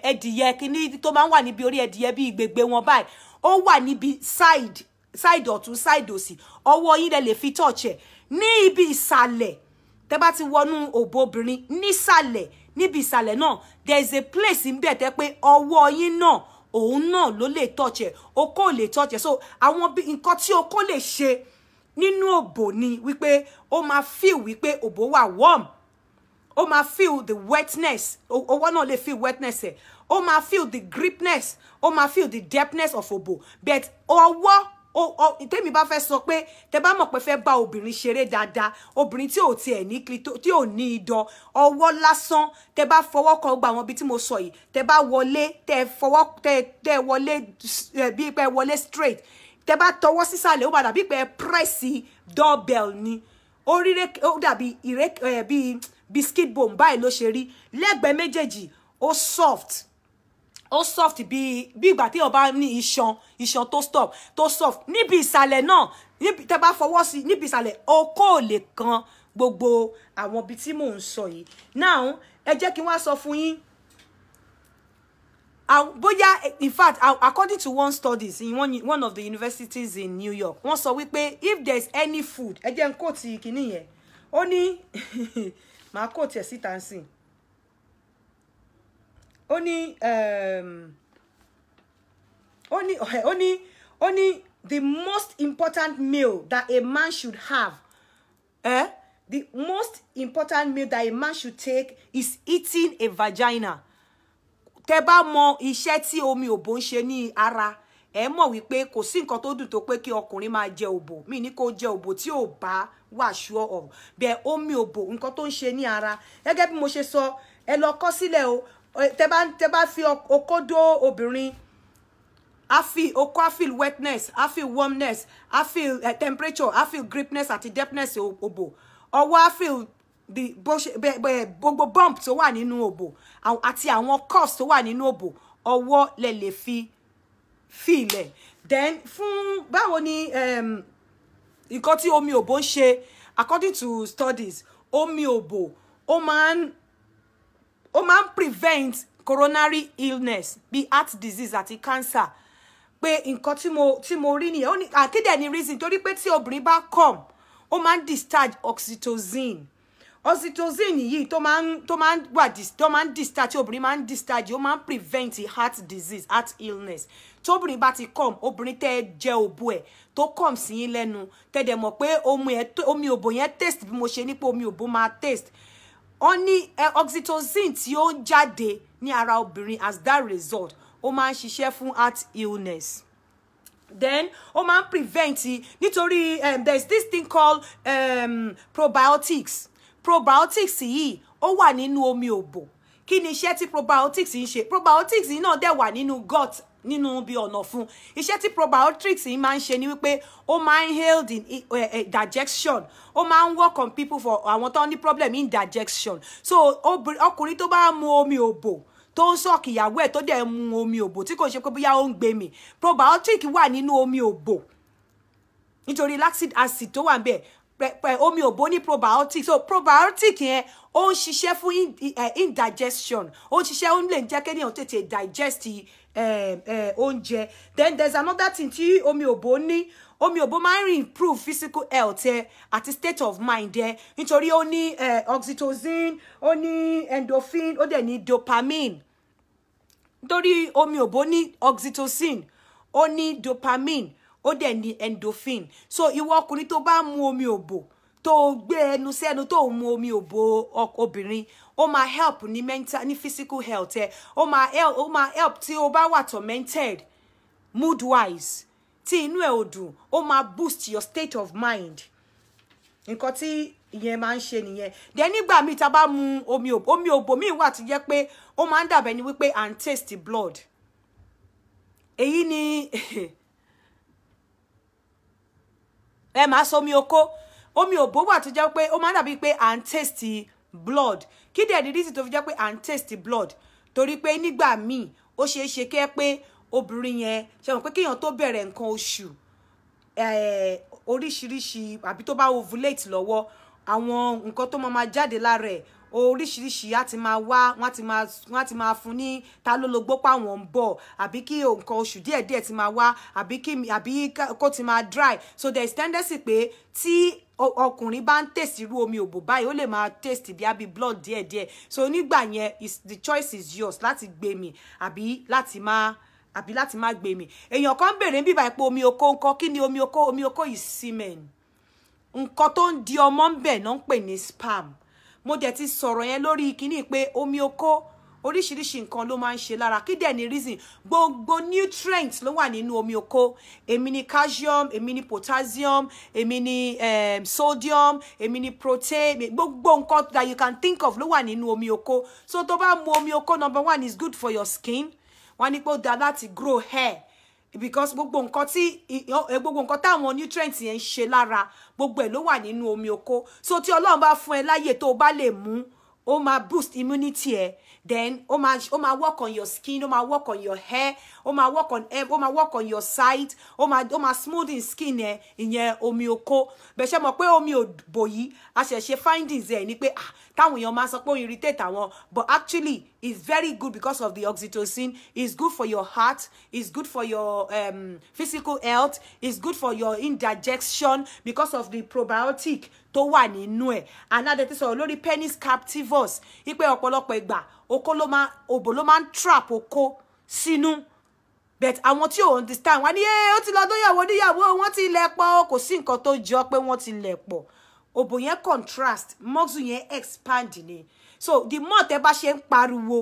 ẹdìyẹ kíní tó máa ń wà níbi orí ẹdìyẹ bí gbègbè wọn báyìí ó wà níbi side side ọ̀tún side òsì ọwọ́ yín lẹ lè fi tọ̀ọ̀chẹ̀ ní ibi ìsàlẹ̀ tẹ́ bá ti wọnú òbò obìnrin nísàlẹ̀ níbi ìsàlẹ̀ náà there is a place ń bẹ̀ tẹ́ pé ọwọ́ yín náà òun náà ló lè tọ̀ọ̀chẹ̀ okó lè tọ̀ọ̀chẹ̀ so àwọn nǹkan tí okó lè ṣe nínú òbò ni wípé ó máa feel wípé òbò wà warm ó máa feel the wetness ọwọ́ náà lè feel wetness ẹ̀ ó máa feel the gripness ó máa feel the depthness of obo but ọwọ́ tèmi bá fẹ́ sọ pé tẹ bá mọ̀ pé fẹ́ bá obìnrin ṣeré dáadáa obìnrin tí ò tiẹ̀ ní kiri tí ò ní idán ọwọ́ lásán tẹ bá fọwọ́ kan gba àwọn ibi tí mo sọ yìí tẹ ba wọlé tẹ fọwọ́ tẹ tẹ wọlé bíi pé wọlé straight ba tẹ bá tọwọ́ o ba da bíi pé pírẹ́sì doorbell ni O da bi ìrẹ́kẹ̀ bi biscuit bone báyìí ló ṣe rí lẹ́gbẹ̀ẹ́ méjèèjì ó soft ó soft bí bí ìgbà tí ọba ní iṣan iṣan tó stop tó soft níbi ìsàlẹ̀ náà níbi tẹ́ bá fọwọ́ sí níbi ìsàlẹ̀ okó ò lè kan gbogbo àwọn ibi tí mò ń sọ yìí now ẹ jẹ́ kí n wá sọ fún yín bóyá in fact according to one studies in one, one of the universities in New York once a week, if there's any food ẹ jẹ́ n kò tí kìíní màá kó tiẹ̀ síta ń sìn ó ní um, ó ní ó ní ó ní the most important meal that a man should have eh? the most important meal that a man should take is eating a vagina tẹ́ bá mọ iṣẹ́ tí omi òbò ń ṣe ní ara ẹ mọ̀ wípé kò sí nǹkan tó dùn tó pé kí ọkùnrin máa jẹ òbò mi ní kó jẹ òbò tí ò bá wà ṣúọ ọ̀rọ̀ bẹ́ẹ̀ omi òbò nǹkan tó ń ṣe ní ara gẹ́gẹ́ bí mo ṣe sọ ẹ lọ kọ sílẹ̀ o tẹ bá tẹ bá fi okódó obìnrin a okó a wetness a warmness a uh, temperature a gripness àti depthness òbò ọwọ́ a feel the gbogbo bump tó wà nínú òbò àti àwọn curves tó wà nínú òbò ọwọ́ lè lè fi fi ilẹ̀ then fún báwo ni nǹkan tí omi òbó ń ṣe according to studies omi òbò ó máa ń ó máa ń prevent coronary illness bí heart disease àti cancer pé nǹkan tí mo tí mo rí nìyẹn ó ní àkídẹ̀ ní reason torí pé tí obìnrin bá come ó máa ń discharge oxytocin oxytocin yìí tó máa ń tó máa ń wà tó máa ń discharge tí obìnrin máa ń discharge ó máa ń prevent heart disease heart illness tóbìnrin bá ti come obìnrin tẹ́ jẹ́ òbò ẹ̀ To come sí yín lẹ́nu tẹ́dẹ̀ mọ̀ pé omi òbò yẹn taste bí mo ṣe ní pé omi òbò máa taste wọ́n ní eh, oxytocin tí ó ń jáde ní ara obìnrin as that result ó máa ń ṣiṣẹ́ fún heart illness then ó máa ń prevent nítorí um, there is this thing called um, probiotics probiotics yìí ó wà nínú omi òbò kí ni iṣẹ́ tí probiotics ń ṣe probiotics yìí náà dẹ̀ wà nínú gut nínú bí ọ̀nà fún iṣẹ́ tí probiotics yìí máa ń ṣe ni wípé ó máa ń healed in uh, uh, digestion ó máa ń work on people for àwọn tó ní problem in digestion so ọkùnrin tó bá mu omi òbò tó ń sọ̀kì ìyàwó ẹ̀ tó dẹ̀ mu omi òbò tí kò ṣe pé bóyá ó ń gbé mi probiotic wà nínú omi òbò nítorí lactic acid tó wà ń bẹ̀ omi òbó ní probiotic so probiotic yẹn ó ń ṣiṣẹ́ fún eh, indigestion ó ń ṣiṣẹ́ ó lè jẹ́ kéèyàn tètè digest Eh, eh, oúnjẹ then there's another thing tí omi òbó ní omi òbó máa ń improve physical health ẹ eh, àti state of mind ẹ nítorí ó ní oxytocin ó ní endorphin ó dẹ̀ ní dopamine nítorí omi òbó ní oxytocin ó ní dopamine ó dẹ̀ ní endorphin so ìwọ ọkùnrin tó bá mu omi òbò tó o gbé ẹnu ẹnu tó o mu omi obo obìnrin ó máa help ní mental ní physical health ẹ ó máa help ó máa help tí o bá wà tormented mood wise tí inú ẹ ò dùn ó máa boost your state of mind nǹkan tí ìyẹn máa ń ṣe nìyẹn then nígbà míì tá a bá mu omi òbò omi òbò míì wà tí jẹ́ pé ó máa ń ni wípé à taste blood èyí ni ẹ máa sọ omi okó omi òbó wà tó jẹ́ pé ó máa ń dàbí pé à ń taste blood kí dẹ̀ di reason tó fi jẹ́ pé à ń taste blood torí pé nígbà míì ó ṣeé ṣe kẹ́ pé obìnrin yẹn ṣe mọ̀ pé kéèyàn tó bẹ̀rẹ̀ nǹkan oṣù oríṣiríṣi àbí tó bá ovulate lọ́wọ́ àwọn nǹkan tó máa jáde lára ẹ̀ oríṣiríṣi á ti máa wá wọ́n ti máa wọ́n ti máa fún ní ta ló lo gbópa àwọn ń bọ̀ àbí kí nǹkan oṣù díẹ̀díẹ̀ ti máa wá àbí kí àbí kó ti máa dry so there is tendency pé tí ọkùnrin bá ń tèsì irú omi òbò báyìí ó lè máa taste bí àbí blood díẹ̀díẹ̀ so nígbà yẹn the choice is yours láti gbé mi àbí láti máa àbí láti má gbé mi èèyàn kan béèrè bíbá ipò omi oko nǹkan kí ni omi oko omi oko yìí semen nǹkan tó ń di ọmọ ń bẹ̀ náà ń pè ní sperm mo dẹ̀ ti sọ̀rọ̀ yẹn lórí kínní pé omi oko oríṣiríṣi nǹkan ló máa ń ṣe lára kí dẹ̀ ni reason gbogbo nutrients ló wà nínú omi oko èmi ni calcium èmi ni potassium èmi ni eh, sodium èmi ni protein gbogbo nǹkan that you can think of ló wà nínú omi oko so tó bá mu omi oko number one is good for your skin wọ́n ní pé ó dáa láti grow hair because gbogbo nǹkan tí eh, gbogbo nǹkan táwọn nutrients yẹn ń ṣe lára gbogbo ẹ̀ ló wà nínú omi oko so tí Ọlọ́run bá fún ẹ láyè tó o bá lè mú ó máa boost immunity ẹ then ó máa ó máa work on your skin ó máa work on your hair ó máa work on ẹ ó máa work on your side ó máa ó máa smoothing skin ẹ ìyẹn omi oko bẹ́ẹ̀ ṣe mọ̀ pé omi òbò yìí a ṣẹ̀ ṣe findings ẹ̀ ni pé ah táwọn èèyàn máa sọ pé ó irritate àwọn but actually it's very good because of the oxytocin it's good for your heart it's good for your um, physical health it's good for your indigestion because of the probiotic tó wà nínú ẹ̀ anadẹ ti sọ̀rọ̀ lórí penis captivus wípé ọ̀pọ̀lọpọ̀ ìgbà oko ló máa òbò ló máa ń trap oko sínú but àwọn tí ò understand wọn ni ẹ ó ti lọ dóyàwó níyàwó wọn ti lẹ̀ pọ̀ kò sí nǹkan tó jọ pé wọ́n ti lẹ̀ pọ̀ òbò yẹn contrast muscle yẹn expand ni so the more tẹ bá ṣe ń pariwo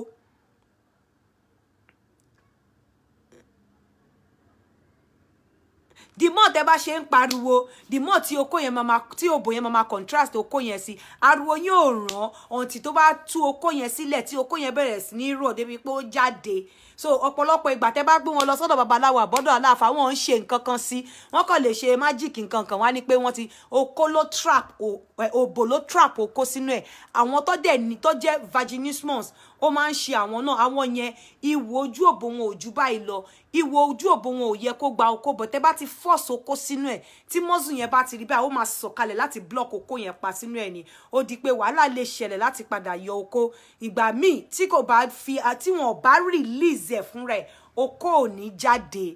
the more te ba ṣe ń pariwo the more tí okó yẹn máa tí òbò yẹn máa contrast okó yẹn sí ariwo yín ò ràn ọ̀ǹtì tó bá tú okó yẹn sílẹ̀ tí okó yẹn bẹ̀rẹ̀ sí ní rò débi pé ó jáde so ọ̀pọ̀lọpọ̀ ìgbà tẹ bá gbé wọn lo sọ́dọ̀ babaláwo àbọ́dọ̀ aláàfáà wọn ń ṣe nǹkan kan sí wọn kàn lè ṣe májíìkì nǹkan kan wá ní pé wọ́n ti okó ló trap o òbò ló trap ó kó sínú ẹ̀ àwọn tó dẹ̀ ní tó jẹ́ vaginismus ó máa ń ṣe àwọn náà àwọn yẹn ìwò ojú òbò wọn ò jù báyìí lọ ìwò ojú òbò wọn ò yẹ kó gba okó bọ̀ tẹ́ bá ti force okó sínú ẹ̀ tí mọ́sù yẹn bá ti rí báyìí ó máa sọ̀kalẹ̀ láti block okó yẹn pa sínú ẹ̀ ni ó di pé wàhálà lè ṣẹlẹ̀ láti padà yọ okó ìgbà míì tí kò bá fi tí wọn ò bá release ẹ̀ fúnra ẹ̀ okó ò ní jáde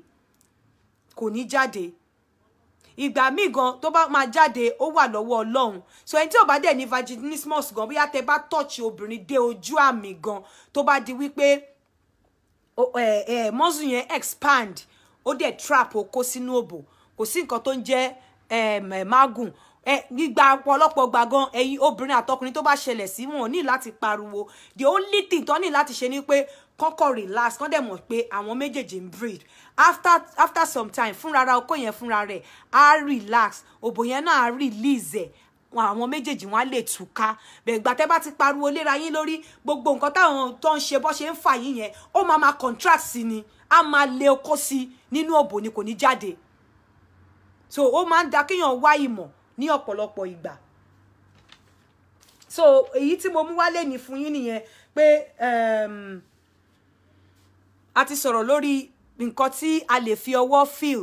kò ní jáde ìgbà míì gan tó bá máa jáde ó wà lọ́wọ́ ọlọ́run so ẹni tí ò bá dẹ̀ ní vaginismus gan bóyá tẹ bá tọ́ọ̀chì obìnrin dé ojú àmì gan tó bá di wípé mọ́sù yẹn expand ó dẹ̀ trap ó kó sínú òbò kò sí nǹkan tó ń jẹ́ magun gbígba ọ̀pọ̀lọpọ̀ gbàgán ẹ̀yin obìnrin àtọkùnrin tó bá ṣẹlẹ̀ sí wọn ò ní láti pariwo the only thing tó ní láti ṣe ni pé kọ́kọ́ relax kán dẹ̀ mọ̀ pé àwọn méjèèjì ń breed after after some time fúnrara okó yẹn fúnra rẹ̀ á relax òbò yẹn náà á release ẹ̀ àwọn méjèèjì wọn á lè túká bẹ̀gbà tẹ́ bá ti pariwo léra yín lórí gbogbo nǹkan táwọn tó ń ṣe bọ́ ṣe ń fà yín yẹn ó máa ma contract sí ni á máa lé okó sí nínú òbò ni kò ní jáde so ó máa ń da kéèyàn wá ìmọ̀ ní ọ̀pọ̀lọpọ̀ ìgbà so èyí tí mo mú wálé ní fún yín nìyẹn pé um, a ti sọ̀rọ̀ lórí nǹkan tí a lè fi ọwọ́ feel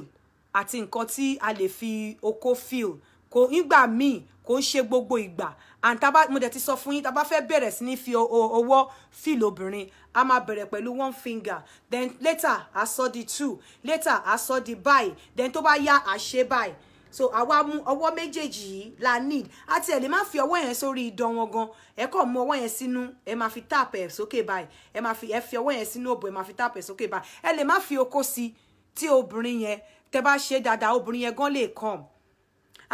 àti nǹkan tí a lè fi okó feel kò nígbà míì kò ń ṣe gbogbo ìgbà and tá bá mo dẹ̀ ti sọ fún yín tá fẹ́ bẹ̀rẹ̀ sí ní fi ọwọ́ feel obìnrin a máa bẹ̀rẹ̀ pẹ̀lú one finger then later a sọ di two later a sọ di báyìí then tó bá yá a ṣe báyìí so àwa mú ọwọ́ méjèèjì yìí la need àti ẹ̀ lè má fi ọwọ́ yẹn sórí idán wọn gan ẹ kọ́ mú ọwọ́ yẹn sínú ẹ máa fi tap ẹ̀ sókè báyìí ẹ máa fi ẹ fi ọwọ́ yẹn sínú òbò ẹ máa fi tap ẹ̀ sókè báyìí ẹ lè má fi okó sí tí obìnrin yẹn tẹ bá ṣe dáadáa obìnrin yẹn gan lè come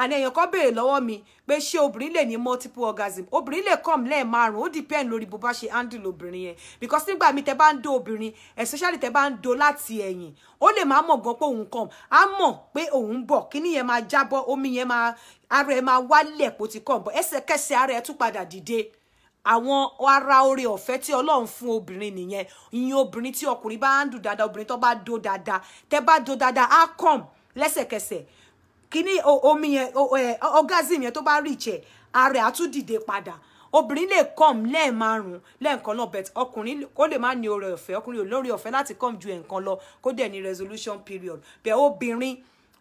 àní èèyàn kan béèrè lọ́wọ́ mi pé ṣé obìnrin lè ní multiple orgasm obìnrin lè come lẹ́ẹ̀márùn ó depend lórí bó bá ṣe handle obìnrin yẹn because nígbà mi tẹ bá ń do obìnrin especially tẹ bá ń do láti ẹ̀yìn ó lè máa mọ̀ gan pé òun come á mọ̀ pé òun bọ̀ kíní yẹn máa jábọ́ omi yẹn máa ara ẹ̀ máa wálẹ̀ kó ti come bọ̀ ẹsẹ̀kẹsẹ̀ ara ẹ̀ tún padà dìde àwọn ara oore ọ̀fẹ́ tí ọlọ́run fún obìnrin nìyẹn ìyẹn obìnrin tí ọkùnrin bá ń dùn dáadáa obìnrin tó bá do dáadáa tẹ bá do dáadáa á come lẹ́sẹ̀kẹsẹ̀ Kini o omi yẹn orgasm yẹn tó bá reach ẹ̀ ara ẹ̀ á tún dìde padà obìnrin lè come lẹ́ẹ̀márùn lẹ́ẹ̀kan náà but ọkùnrin kó lè má ní oore ọ̀fẹ́ ọkùnrin ò lórí ọ̀fẹ́ láti come ju ẹ̀ẹ̀kan lọ kó dẹ̀ ní resolution period but obìnrin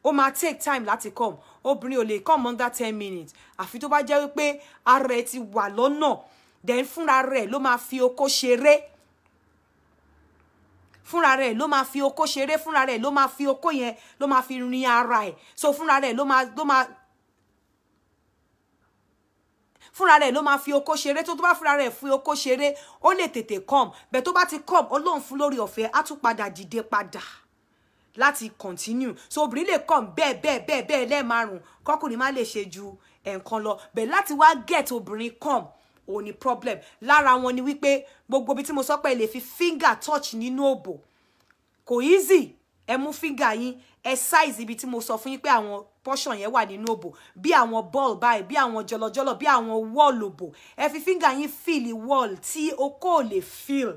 ó máa take time láti come obìnrin ò lè come under ten minutes àfi tó bá jẹ́ wípé ara ti wà lọ́nà then fúnra rẹ̀ ló máa fi okó ṣeré fúnra rẹ̀ ló máa fi okó ṣeré fúnra rẹ̀ ló máa fi okó yẹn ló máa fi rin ara ẹ̀ so fúnra rẹ̀ ló máa ló máa fúnra rẹ̀ ló máa fi okó ṣeré tó tó bá fúnra rẹ̀ fi okó ṣeré ó lè tètè come bẹ́ẹ̀ tó bá ti come olóhùn fún lórí ọ̀fẹ́ á tún padà dìde padà láti continue so obìnrin lè come bẹ́ẹ̀ bẹ́ẹ̀ bẹ́ẹ̀ bẹ́ẹ̀ lẹ́ẹ̀márùn-ún kọ́kùnrin má lè ṣe ju ẹ̀ẹ̀kan lọ bẹ́ẹ̀ láti wá get obìnrin come òun ni problem Lara, wọn ni wípé gbogbo ibi tí mo sọ pé lè fi finger touch nínú òbò kò easy E mú finger yín E size ibi tí mo sọ fún yín pé àwọn portion yẹn wà nínú òbò bí àwọn ball báyìí bí àwọn jọlọjọlọ bí àwọn wall òbò ẹ fi finger yín feel wall tí okó le feel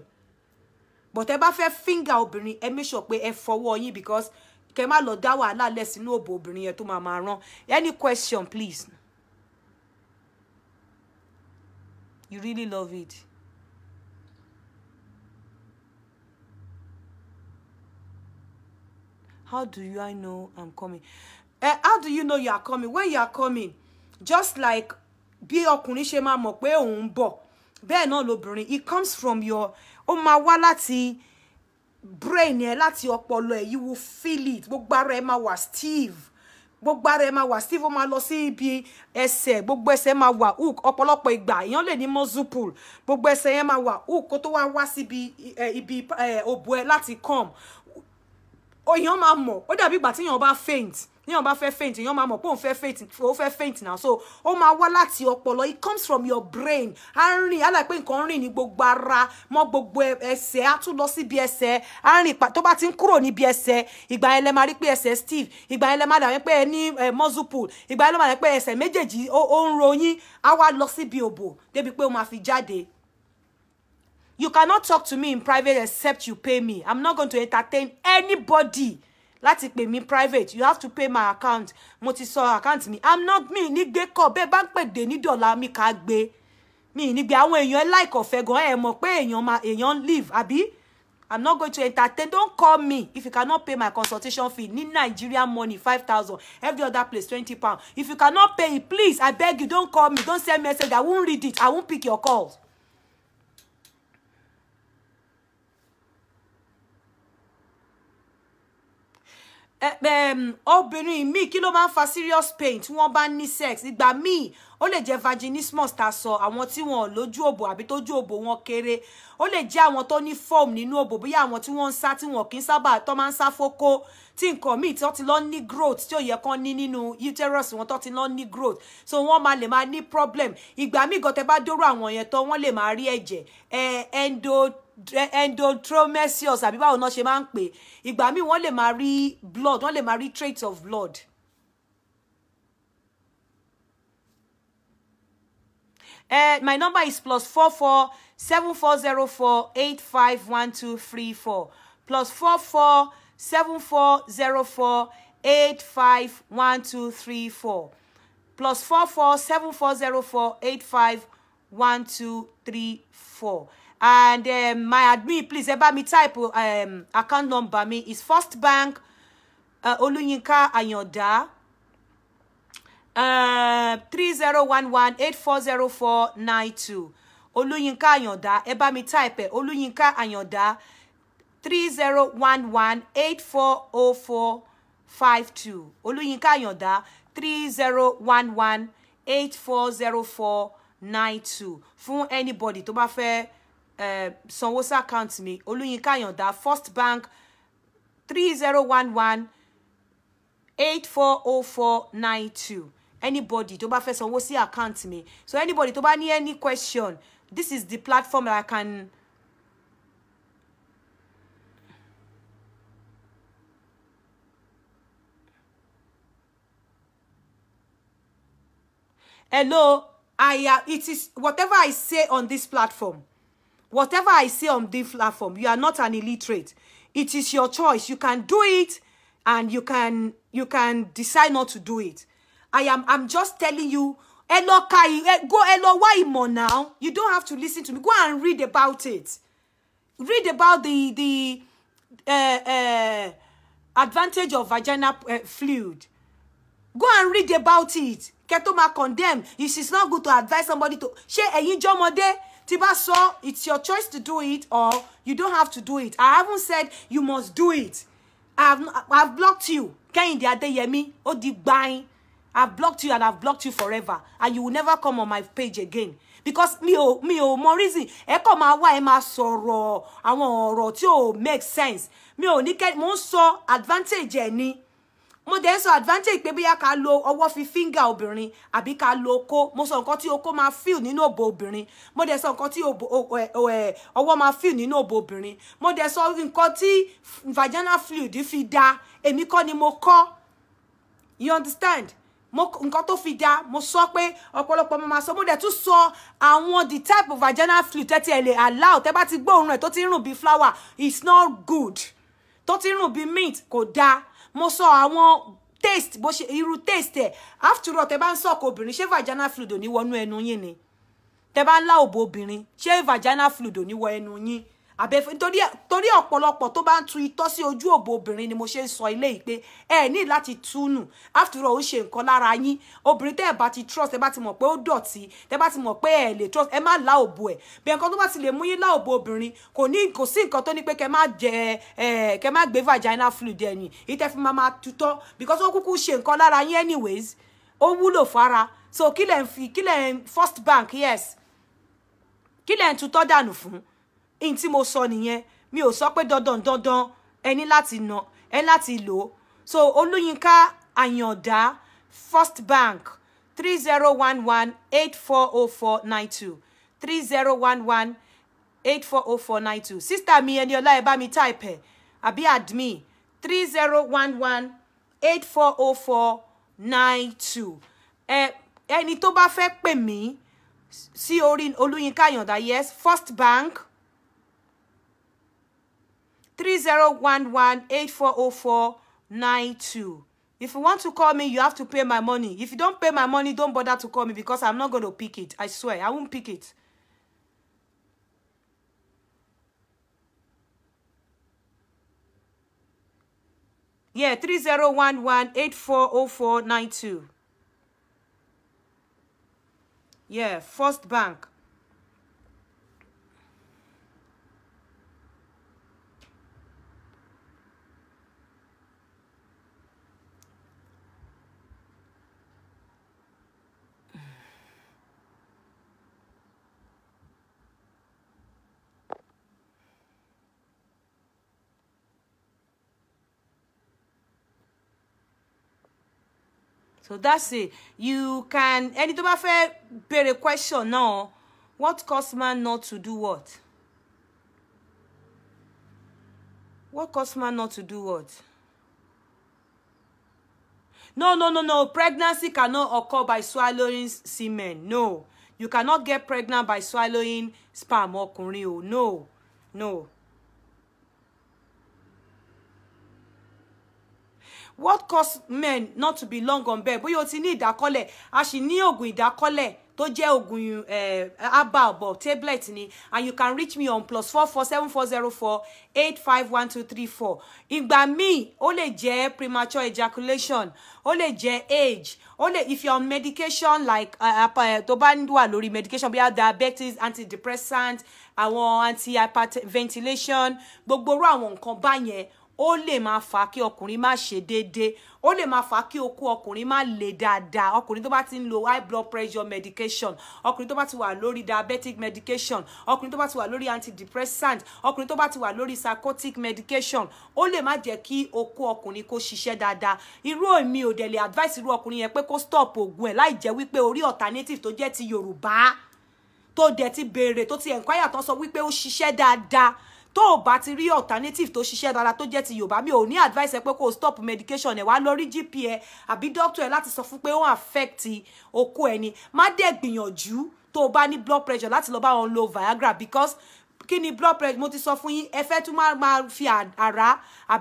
but ẹ bá fẹ́ finger obìnrin ẹ make sure pé ẹ fọwọ́ yín because kẹ má lọ dá wàhálà lẹ̀ sínú òbò obìnrin yẹn tó máa máa any question please. You really love it. How do you I know I'm coming? Uh, how do you know you are coming? When you are coming, just like be your ṣe máa mọ̀ pé òun ń bọ̀ bẹ́ẹ̀ náà it comes from your ó máa wá láti brain ẹ láti ọpọlọ ẹ you will feel it gbogbo ara ẹ máa Steve gbogbo ara ẹ máa wà steve ó máa lọ sí ibi ẹsẹ̀ gbogbo ẹsẹ̀ máa wà hook ọ̀pọ̀lọpọ̀ ìgbà èèyàn lè ní muscle pull gbogbo ẹsẹ̀ yẹn máa wà hook kó tó wá wá síbi ibi òbò ẹ láti come èèyàn máa mọ̀ ó dàbí ìgbà tí èèyàn bá faint níyàn bá fẹ́ faint èèyàn máa mọ̀ pé òun fẹ́ faint òun fẹ́ faint now. so ó máa wá láti ọpọlọ it comes from your brain á ń rìn yálà pé nǹkan ń rìn ní gbogbo ara mọ́ gbogbo ẹsẹ̀ á tún lọ síbi ẹsẹ̀ á ń rìn tó bá ti ń kúrò níbi ẹsẹ̀ ìgbà yẹn lẹ máa rí pé ẹsẹ̀ stiff ìgbà yẹn lẹ máa dàbí pé ẹ ní muscle pull ìgbà yẹn lẹ máa dàbí pé ẹsẹ̀ méjèèjì ó ń ròyìn á wá lọ síbi òbò débi pé ó máa fi jade. You cannot talk to me in private except you pay me. I'm not going to entertain anybody láti pè mí private you have to pay my account mo ti sọ account mi i'm not me ní gbé kọ bẹ́ẹ̀ bá ń pèdè ní dọ̀là mi kà á gbé mi ní gbé àwọn èèyàn like ọ̀fẹ́ gan ẹ̀ mọ̀ pé èèyàn ma èèyàn leave àbí i'm not going to entertain don't call me if you cannot pay my consultation fee ní Nigeria money five thousand every other place twenty pound if you cannot pay it please i beg you don't call me don't send message i won't read it i won't pick your calls. Eh, obìnrin míì kí ló máa ń fa serious pain tí wọ́n bá ní sex ìgbà míì ó lè jẹ́ vaginismus ta sọ àwọn tí wọn ò lójú òbò àbí tójú òbò wọn kéré ó lè jẹ́ àwọn tó ní foam nínú òbò bóyá àwọn tí wọ́n ń sá tí wọn kì í sábà tó máa ń sá fókó tí nǹkan míì tó ti lọ ní growth tí ò yẹ kán ní nínú uterus wọn tó ti lọ ní growth so wọ́n máa lè máa ní problem ìgbà míì gọtẹ bá dóró àwọn yẹn tó wọ́n lè máa rí ẹ̀jẹ̀ eh, endo endometriosis àbí báwo náà ṣe máa ń pè ìgbà míì wọ́n lè máa rí blood wọ́n lè máa rí traits of blood. Uh, my number is plus four four seven four zero four eight five one two three four plus four four seven four zero four eight five one two three four plus four four seven four zero four eight five one two three four and um, my admin please ẹ me type um, account number mi is First Bank uh, Olúyinká Ayọ̀dá uh, three zero one one eight four zero four nine two Olúyinká Ayọ̀dá ẹ bá type ẹ Olúyinká Ayọ̀dá three zero one one eight four oh four five two Olúyinká Ayọ̀dá three zero one one eight four zero four nine two fún anybody tó bá fẹ́. Eh, sanwó sí àkáǹtì mi olúyinka àyàndá first bank three zero one one eight four oh four nine two anybody tó bá fẹ́ sanwó sí account mi so anybody tó bá ní any question this is the platform that i can. hello i uh, it is whatever i say on this platform Whatever I say on this platform, you are not an illiterate. It is your choice. You can do it and you can you can decide not to do it. I am I'm just telling you Elo Kai go Elo why more now. You don't have to listen to me. Go and read about it. Read about the the uh, uh, advantage of vaginal uh, fluid. Go and read about it. Ketoma condemn. It is not good to advise somebody to. Ṣé ẹ̀yin jọmọdé. Tiba so it's your choice to do it or you don't have to do it i haven't said you must do it i've i've blocked you Kẹ́hìndé hear me. di gbain i've blocked you and i've blocked you forever and you will never come on my page again because mi ò mi ò mọ reason ẹ kò máa wá ẹ máa sọ̀rọ̀ àwọn ọ̀rọ̀ make sense mi ò ní kẹ́ advantage ẹ ni mo dẹ̀ sọ advantage pé bóyá ká lo ọwọ́ fi finger obìnrin àbí ká lo okó mo sọ nǹkan tí okó máa feel nínú òbò obìnrin mo dẹ̀ sọ nǹkan tí ọwọ́ máa feel nínú òbò obìnrin mo dẹ̀ sọ nǹkan tí vaginal fluid fi da èmi kọ́ ni mo kọ́ you understand mo nǹkan tó fi da mo sọ pé ọ̀pọ̀lọpọ̀ mo máa sọ mo dẹ̀ tún sọ àwọn the type of vaginal fluid tẹ́tí ẹ̀ lè allow tẹ́ bá ti gbóòórùn ẹ̀ tó ti ń rùn bíi flower it's not good tó ti ń rùn bíi mint kò dáa mo sọ àwọn taste bo ṣe iru taste after all tẹ bá ń sọ̀kò obìnrin ṣé vaginal fluid ò ní wọnú ẹnu yín ni tẹ bá ń lá òbò obìnrin vaginal fluid ò ní wọ ẹnu àbẹ̀fẹ́ nítorí torí ọ̀pọ̀lọpọ̀ tó bá ń tu itọ́ sí ojú òbò obìnrin ni mo ṣe ń sọ ilé yìí pé ẹ ní láti túnù after all ó ṣe nǹkan lára yín obìnrin tẹ́ ẹ bá ti trust ẹ bá ti mọ̀ pé ó dọ̀tí tẹ́ bá ti mọ̀ pé ẹ lè trust ẹ má lá òbò ẹ̀ bí nǹkan tó bá ti lè mú yín lá òbò obìnrin kò ní kò sí nǹkan tó ní pé kẹ má jẹ ẹ kẹ má gbé vaginal fluid ẹ̀yìn ìtẹ́ fi máa máa tutọ́ because ó kúkú ṣe nǹkan lára yín anyways ó wúlò fara so kílẹ̀ ń fi kílẹ̀ ń first bank yes kílẹ̀ ń tutọ́ dànù fún in tí mo sọ nìyẹn mi ò sọ pé dandan dandan ẹni láti nà ẹni láti lò ó so olúyinka àyàndá first bank three zero one one eight four oh four nine two three zero one one eight four oh four nine two sísítà mi ẹni ọlá ẹ bá mi type ẹ àbí admin three zero one one eight four oh four nine two ẹ ẹni tó bá fẹ́ pè mí sí orí olúyinká àyàndá yes first bank 3011-840492. If you want to call me, you have to pay my money. If you don't pay my money, don't bother to call me because I'm not going to pick it. I swear, I won't pick it. Yeah, 3011-840492. Yeah, First Bank. so that's it you can ẹni tó bá fẹ́ béèrè question now. what caused man not to do what what caused man not to do what no no no no pregnancy cannot occur by swallowing semen no you cannot get pregnant by swallowing sperm or o no no. what cause men not to be long on bed bóyá o ti ní ìdákọ́lẹ̀ a sì ní oògùn ìdákọ́lẹ̀ tó jẹ́ oògùn eh, herbal bọ̀ tablet ni and you can reach me on plus four four seven four zero four eight five one two three four ìgbà míì ó lè jẹ́ premature ejaculation ó lè jẹ́ age ó lè if you're on medication like eh, eh, tó bá ń wà lórí medication bí diabetes antidepressant àwọn anti hyperventilation gbogbo irú àwọn nǹkan báyẹn ó lè máa fà á kí ọkùnrin má ṣe déédéé ó lè máa fà á kí okó ọkùnrin má le dáadáa ọkùnrin tó bá ti ń lo high blood pressure medication ọkùnrin tó bá ti wà lórí diabetic medication ọkùnrin tó bá ti wà lórí antidepressant ọkùnrin tó bá ti wà lórí psychotic medication ó lè má jẹ́ kí okó ọkùnrin kó ṣiṣẹ́ dáadáa irú èmi ò dẹ̀ lè advice irú ọkùnrin yẹn pé kó stop oògùn ẹ̀ láì jẹ́ wípé orí alternative tó jẹ́ ti Yorùbá tó dẹ̀ ti béèrè tó ti enquire tó sọ wípé ó ṣiṣẹ́ dáadáa tó o bá ti rí alternative tó ṣiṣẹ́ dára tó jẹ́ ti yorùbá mi ò ní advice ẹ pé kó o stop medication ẹ wá lórí gp ẹ àbí doctor ẹ láti sọ fún pé ó affect okó ẹni má dẹ̀ gbìyànjú tó o bá ní blood pressure láti lọ bá wọn lo viagra because kí ni blood pressure mo ti sọ fún yín ẹ fẹ́ tún máa máa fi ara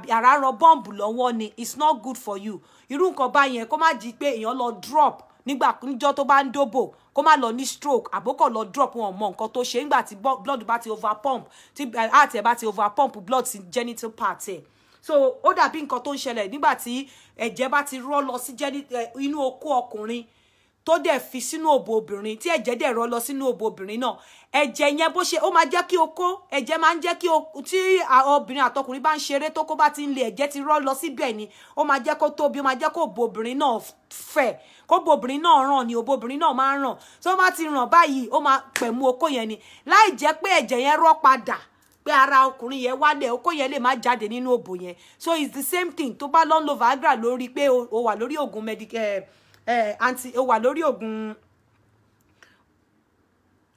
ara rọ bọ́ǹbù lọ́wọ́ ni it's not good for you irú nǹkan báyẹn kó má di pé èèyàn lọ drop nígbà níjọ́ tó bá ń dóbò kó má lọ ní stroke àbókọ̀ lọ drop wọn mọ nǹkan tó ṣe nígbà tí blood bá ti over pump tí eh, heart ẹ̀ bá ti over pump blood sí genital part ẹ̀ so ó dàbí nǹkan tó ń ṣẹlẹ̀ nígbà tí ẹ̀jẹ̀ bá ti rọ́ lọ sí eh, inú okó ọkùnrin tó dẹ̀ fi sínú òbò obìnrin tí ẹ̀jẹ̀ dẹ̀ rọ́ lọ sínú òbò obìnrin náà ẹ̀jẹ̀ yẹn bó ṣe ó máa jẹ́ kí okó ẹ̀jẹ̀ máa ń jẹ́ kí tí obìnrin àtọkùnrin bá ń ṣeré tó kó bá ti ń le ẹ̀jẹ̀ ti rọ́ lọ síbẹ̀ ni ó máa jẹ́ kó tóbi ó máa jẹ́ kó òbò obìnrin náà fẹ̀ kó bobìnrin náà ràn ni òbobìnrin náà máa ń ràn tó má ti ràn báyìí ó máa pẹ̀mú okó yẹn ni láì jẹ́ pé ẹ̀jẹ̀ yẹn rọ́ padà pé ara ọkùnrin yẹn wálẹ̀ okó yẹn lè má jáde nínú òbò yẹn so it's the same thing tó bá lọ ń lo viagra lórí pé o wà lórí oògùn eh, eh, anti o wà lórí oògùn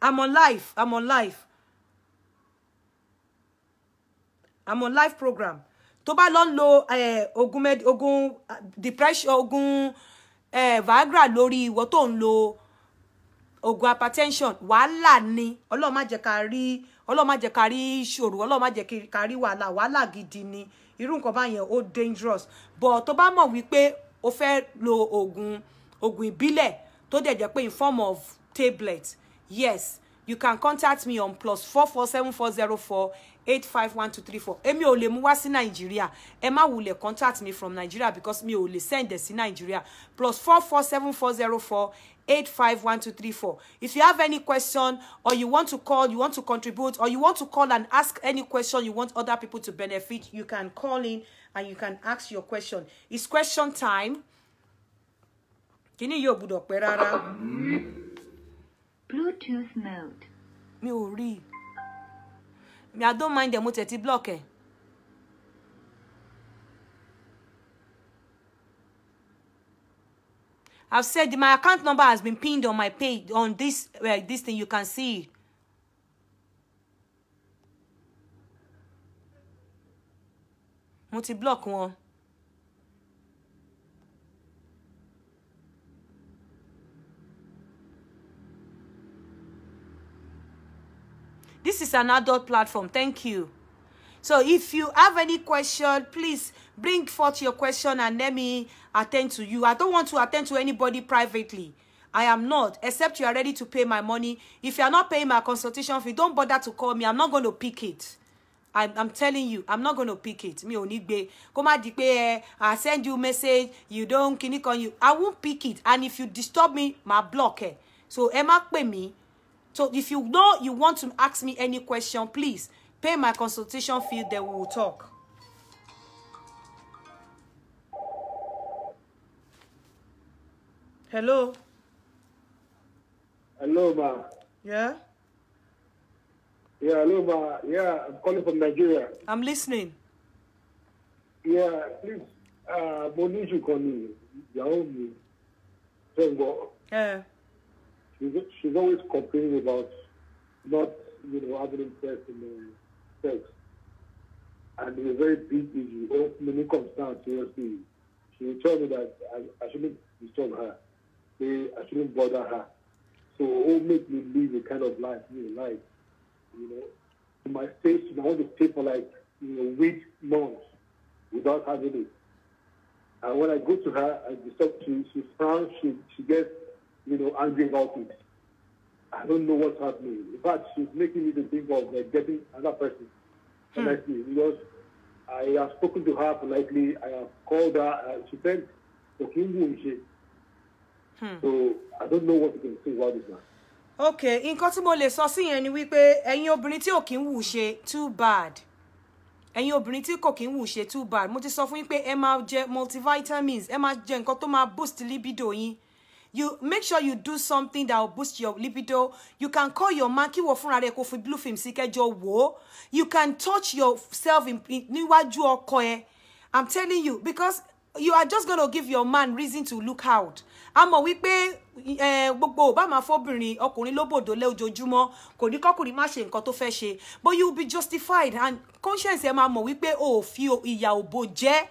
i'm on life i'm on life i'm on life program tó bá lọ ń lo oògùn eh, depression oògùn. Uh, viagra lori ìwọ to nlo lo oògùn hypertension wahala ni ọlọ́run má soro ká rí ọlọ́run má jẹ́ ká rí gidi ni irú nǹkan báyẹn o dangerous but tó bá mọ̀ wípé o fẹ́ lo oògùn oògùn ibile tó dẹ̀ pé in form of tablet yes you can contact me on plus 447404 eight five one two three four èmi ò lè mú wá sí nàìjíríà contact me from nigeria because mi ò lè send ẹ̀ si Nigeria plus four four seven four zero four eight five one two three four if you have any question or you want to call you want to contribute or you want to call and ask any question you want other people to benefit you can call in and you can ask your question it's question time kíní yóò gbúdọ̀ pẹ́ rárá. bluetooth mode. mi o rí mi i don't mind ẹ mo tẹ̀ ti block ẹ̀. I've said my account number has been pinned on my page on this Well, this thing you can see it. mo ti block wọn. this is an adult platform. Thank you. So if you have any question, please bring forth your question and let me attend to you. I don't want to attend to anybody privately. I am not, except you are ready to pay my money. If you are not paying my consultation fee, don't bother to call me. I'm not going to pick it. I'm, I'm telling you, I'm not going to pick it. Mi ò ní gbé. Kó eh, I send you message, you don't, kini you. I won't pick it. And if you disturb me, my block ẹ. So ẹ má pè So if you know you want to ask me any question, please pay my consultation fee, then we will talk. Hello. Hello, ma. Yeah? Yeah, hello, ma. Yeah, I'm calling from Nigeria. I'm listening. Yeah, please. Uh, mo ní ìṣù kan ní ìyàwó Yeah. she's, always complaining about not, you know, having interest in the sex. And it's a very big issue. when oh, it comes down, seriously, she will me that I, I shouldn't disturb her. I shouldn't bother her. So it oh, will make me live a kind of life, you know, life, you know. In my station, all these people, like, you know, weeks, months without having it. And when I go to her, I decide to she frowns, she, she gets you know, angry about it. I don't know what's happening. In fact, she's making me to think of like, getting another person. Hmm. Honestly, because I have spoken to her politely. I have called her. Uh, she said, "Okay, hmm. So I don't know what you can say about this man. Okay, nǹkan tí mo lè sọ sí yẹn ni wípé ẹ̀yin obìnrin tí ò kí ń wù too bad ẹ̀yin obìnrin tí kò kí ń wù too bad mo ti sọ fún yín pé ẹ máa jẹ multivitamins ẹ máa jẹ nǹkan tó máa boost libido yín you make sure you do something that will boost your libido you can call your man kí wọ blue film sí kẹjọ wò you can touch yourself níwájú ọkọ ẹ i'm telling you because you are just gonna give your man reason to look out I'm a mọ̀ wípé gbogbo ọba máa fọ́bìnrin ọkùnrin lóbòdó lójoojúmọ́ kò ní kọ́kùnrin má ṣe nǹkan tó fẹ́ ṣe but you will be justified and conscience ẹ máa mọ̀ wípé o ò fi ìyà òbò jẹ́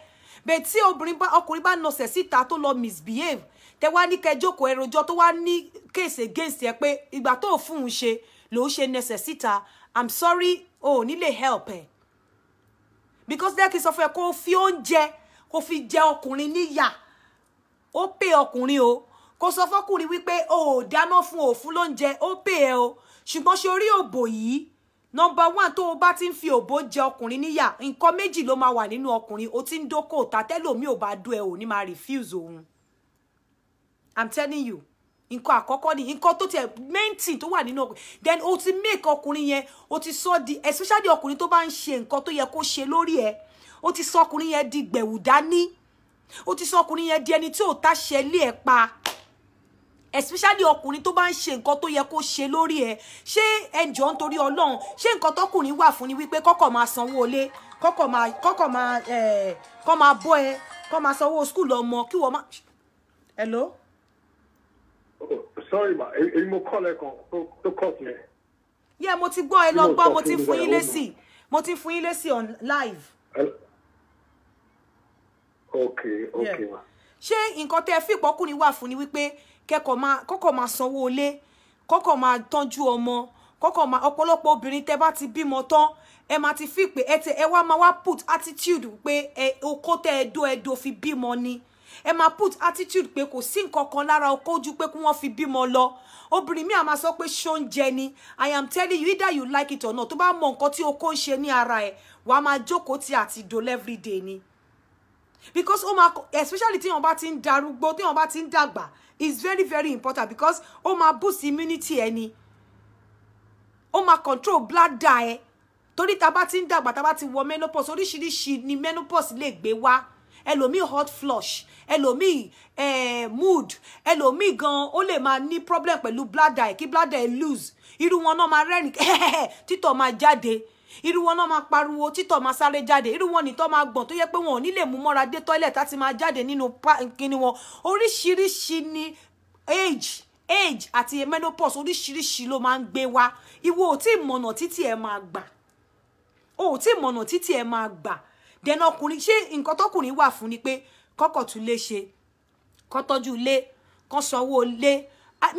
bẹ́ẹ̀ tí obìnrin bá ba no se síta tó lo misbehave tẹ wá ní kẹjókòó ẹrọjọ tó wá ní case against ẹ pé ìgbà tó fún un ṣe lòún ṣe nẹsẹ̀ síta i'm sorry o oh, ò help ẹ because dẹ́kì sọ fún ẹ kó fi oúnjẹ kó fi jẹ ọkùnrin níyà ó pè ọkùnrin o kó sọ fọkùnrin wípé o ò dáná fún òfun lóúnjẹ ó pè ẹ o ṣùgbọ́n ṣe orí òbò yìí nọmba one tó o bá ti ń fi òbò jẹ ọkùnrin níyà nǹkan méjì ló máa wà nínú ọkùnrin o ti ń dókòó tàtẹ́lòmí ò bá dú ẹ ò ní máa refuse òun i'm telling you nǹkan akoko ni nǹkan tó tiẹ̀ mẹ́ǹtì to wa ni no. then o ti make ọkùnrin yẹn o ti sọ di especially ọkùnrin tó bá ń ṣe nǹkan tó yẹ kó ṣe lórí o ti sọ ọkùnrin yẹn di gbẹ̀wù dání o ti sọ ọkùnrin yẹn di ẹni tí ò táṣẹ lé ẹ pa especially ọkùnrin tó bá ń ṣe nǹkan tó yẹ kó ṣe lórí ẹ ṣé ẹnjọ nítorí Ọlọ́run ṣé nǹkan tọkùnrin wà fún koko ma kọ́kọ́ máa sanwó ilé kọ́kọ́ máa kọ́kọ́ máa ẹ eh, kọ máa bọ́ ma. kọ máa sanwó skul ọmọ kí wọ́n máa hello sorry ma èmi mo kọ́ lẹ́kan tó kọ́ sí ẹ. yẹ mo ti gbọ́ ẹ lọ gbọ́ mo ti fún yín lésì mo ti fún yín lésì on live. ok ok ma. ṣé nǹkan tẹ́ ẹ fi ìpọ́kùnrin wà fún ni wípé kẹ́kọ̀ọ́ máa kọ́kọ́ máa sanwó ilé kọ́kọ́ máa tọ́jú ọmọ kọ́kọ́ máa ọ̀pọ̀lọpọ̀ obìnrin tẹ́ bá ti bímọ tán ẹ máa ti fi pé ẹ tẹ ẹ wá máa wá put attitude pé ẹ okó tẹ́ ẹ dó ẹ dó fi bímọ ni ẹ máa put attitude pé kò sí nǹkan kan lára ọkọ ojú pé kí wọ́n fi bímọ lọ obìnrin mi à máa sọ pé ṣóúnjẹ ni i am telling you either you like it or not tó bá mọ nǹkan tí okó ń ṣe ní ara ẹ wàá máa jókòó ti àti dole everyday ni because ó ma especially tí wọ́n bá ti ń darúgbó tí ba bá ti is very very important because ó ma boost immunity ni. ó ma control blood ẹ torí tá a bá ti ń dàgbà tá a bá ti wọ menopause oríṣiríṣi ni menopause lè gbé wá ẹlòmíì hot flush ẹlòmíì eh, mood ẹlòmíì gan ó lè máa ní problem pẹ̀lú bladder ẹ̀ kí bladder ẹ̀ loose irú wọn náà máa rẹ́rìn títọ̀ máa jáde irú wọn náà máa pariwo títọ̀ máa sáré jáde irú wọn nìtọ̀ máa gbọ̀n tó yẹ pé wọn ò ní lè mú mọ́ra dé toilet láti máa jáde nínú kíni wọn oríṣiríṣi ni age age àti menopause oríṣiríṣi ló máa ń gbé wá ìwọ ò tí ì mọ̀nà títí ẹ̀ máa gbà ò tí ì mọ̀nà títí ẹ̀ máa gbà then ọkùnrin ṣé nǹkan tọkùnrin wà fún ni pé kọ́kọ̀ tún le ṣe kọ́ tọ́jú le kọ́ sanwó le.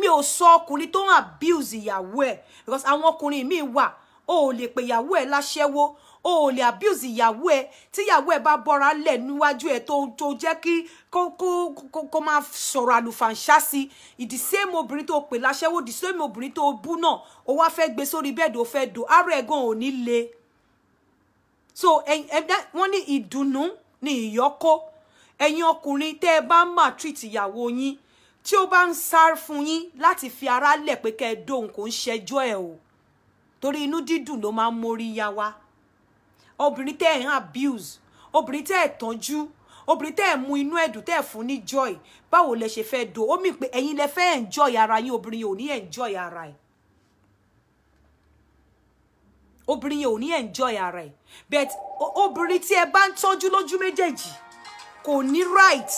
mi ò sọ ọkùnrin tó abuse ìyàwó ẹ̀ because àwọn ọkùnrin míì wa. o le lè pè ìyàwó ẹ̀ láṣẹ́wó o ò lè abuse ìyàwó ẹ̀ tí ìyàwó ẹ̀ bá bọ́ra lẹ̀ níwájú ẹ̀ tó tó jẹ́ kí kó kó kó máa sọ̀rọ̀ àlùfàǹṣá sí ìdí same obìnrin tó pè láṣẹ́wó ìdí same obìnrin tó bú náà o wa fẹ́ gbé sórí bẹ́ẹ̀dì o fẹ́ dò ara ẹ̀ gan ò le so wọ́n ní ìdùnnú ní ìyọ́kó ẹ̀yin ọkùnrin tẹ́ ẹ bá ń mà treat ìyàwó yín tí ó bá ń sár fún yín láti fi ara lẹ̀ pé kẹ́ ẹ dóhùn kò ń ṣẹjọ́ ẹ̀ o torí inú dídùn ló máa ń mórí yá wa obìnrin tẹ́ ẹ̀ ń abuse obìnrin tẹ́ ẹ̀ tọ́jú obìnrin tẹ́ ẹ̀ mú inú ẹ̀dùn tẹ́ ẹ̀ fún ní joy báwo lẹ ṣe fẹ́ do ó mì pé ẹ̀yin lẹ fẹ́ enjoy ara yín obìnrin yìí ò ní enjoy ara ẹ̀ obìnrin yẹn ò ní enjoy ara ẹ̀ but obìnrin tí ẹ bá ń tọ́jú lójú méjèèjì kò ní right.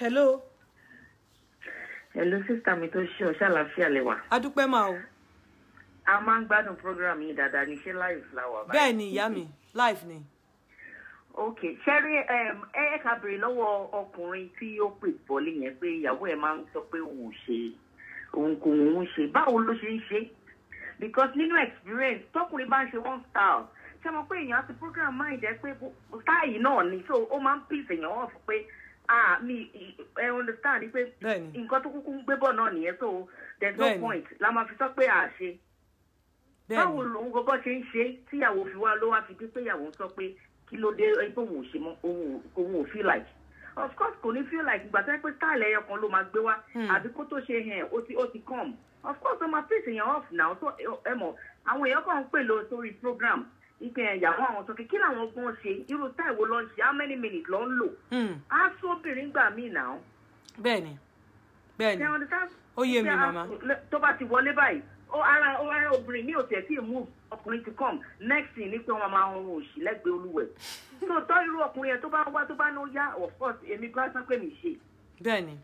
hello. hello sister mi tó ṣe ọ ṣàlàáfíà lẹwà. adúpẹ́ máa o. a máa ń gbádùn program yìí dáadáa ní ṣé live la wà ni ìyá mi live ni. ok ṣẹ́rí ẹ ẹ ká béèrè lọ́wọ́ ọkùnrin tí ó pè bọ́lé yẹn pé ìyàwó ẹ̀ máa ń sọ pé òun ò ṣe òun kò òun ṣe báwo ló ṣe ń ṣe é because nínú experience tọkùnrin bá ń ṣe one style ṣe mọ̀ pé èèyàn ti program máa ń jẹ́ pé style náà ni so ó máa ń pèsè èèyàn wọ̀ fún pé ah mi ẹ understand pé nǹkan tó kúkú ń gbé bọ̀ náà nìyẹn so there's no point la máa fi sọ pé à ṣe báwo lòun gbogbo ṣe ń ṣe tíyàwó fi wá ló wá fi dé pé ìyàwó ń sọ pé kí ló dé pé òun ò ṣe mọ òun ò feel like of course kò ní feel like ìgbà tó yẹ pé style ẹyọ kan ló máa gbé wá hmm. àbí kó tó ṣe hẹn ó ti ó ti come of course ó máa piss èèyàn off now so ẹ eh, eh, mọ̀ àwọn èèyàn kan ń pè lọ sórí program ike ìyàwó àwọn sọ kí làwọn gbọ́n ṣe irú táì wo ṣe how many minutes ló ń lò. á hmm. sóbìnrin gbà mí now. bẹ́ẹ̀ni bẹ́ẹ̀ni ó yé mi màmá. tó bá ti wọlé báyìí ó ara ó ara obìnrin ní òtẹ̀ tí move ọkùnrin ti come next thing ni pé wọn máa ń rún òṣì lẹ́gbẹ̀ẹ́ olúwẹ̀. tó tọ́ irú ọkùnrin yẹn tó bá ń wá tó bá ń yá of course èmi gbọ́dọ̀ sọ pé mi ṣe. bẹ́ẹ̀ni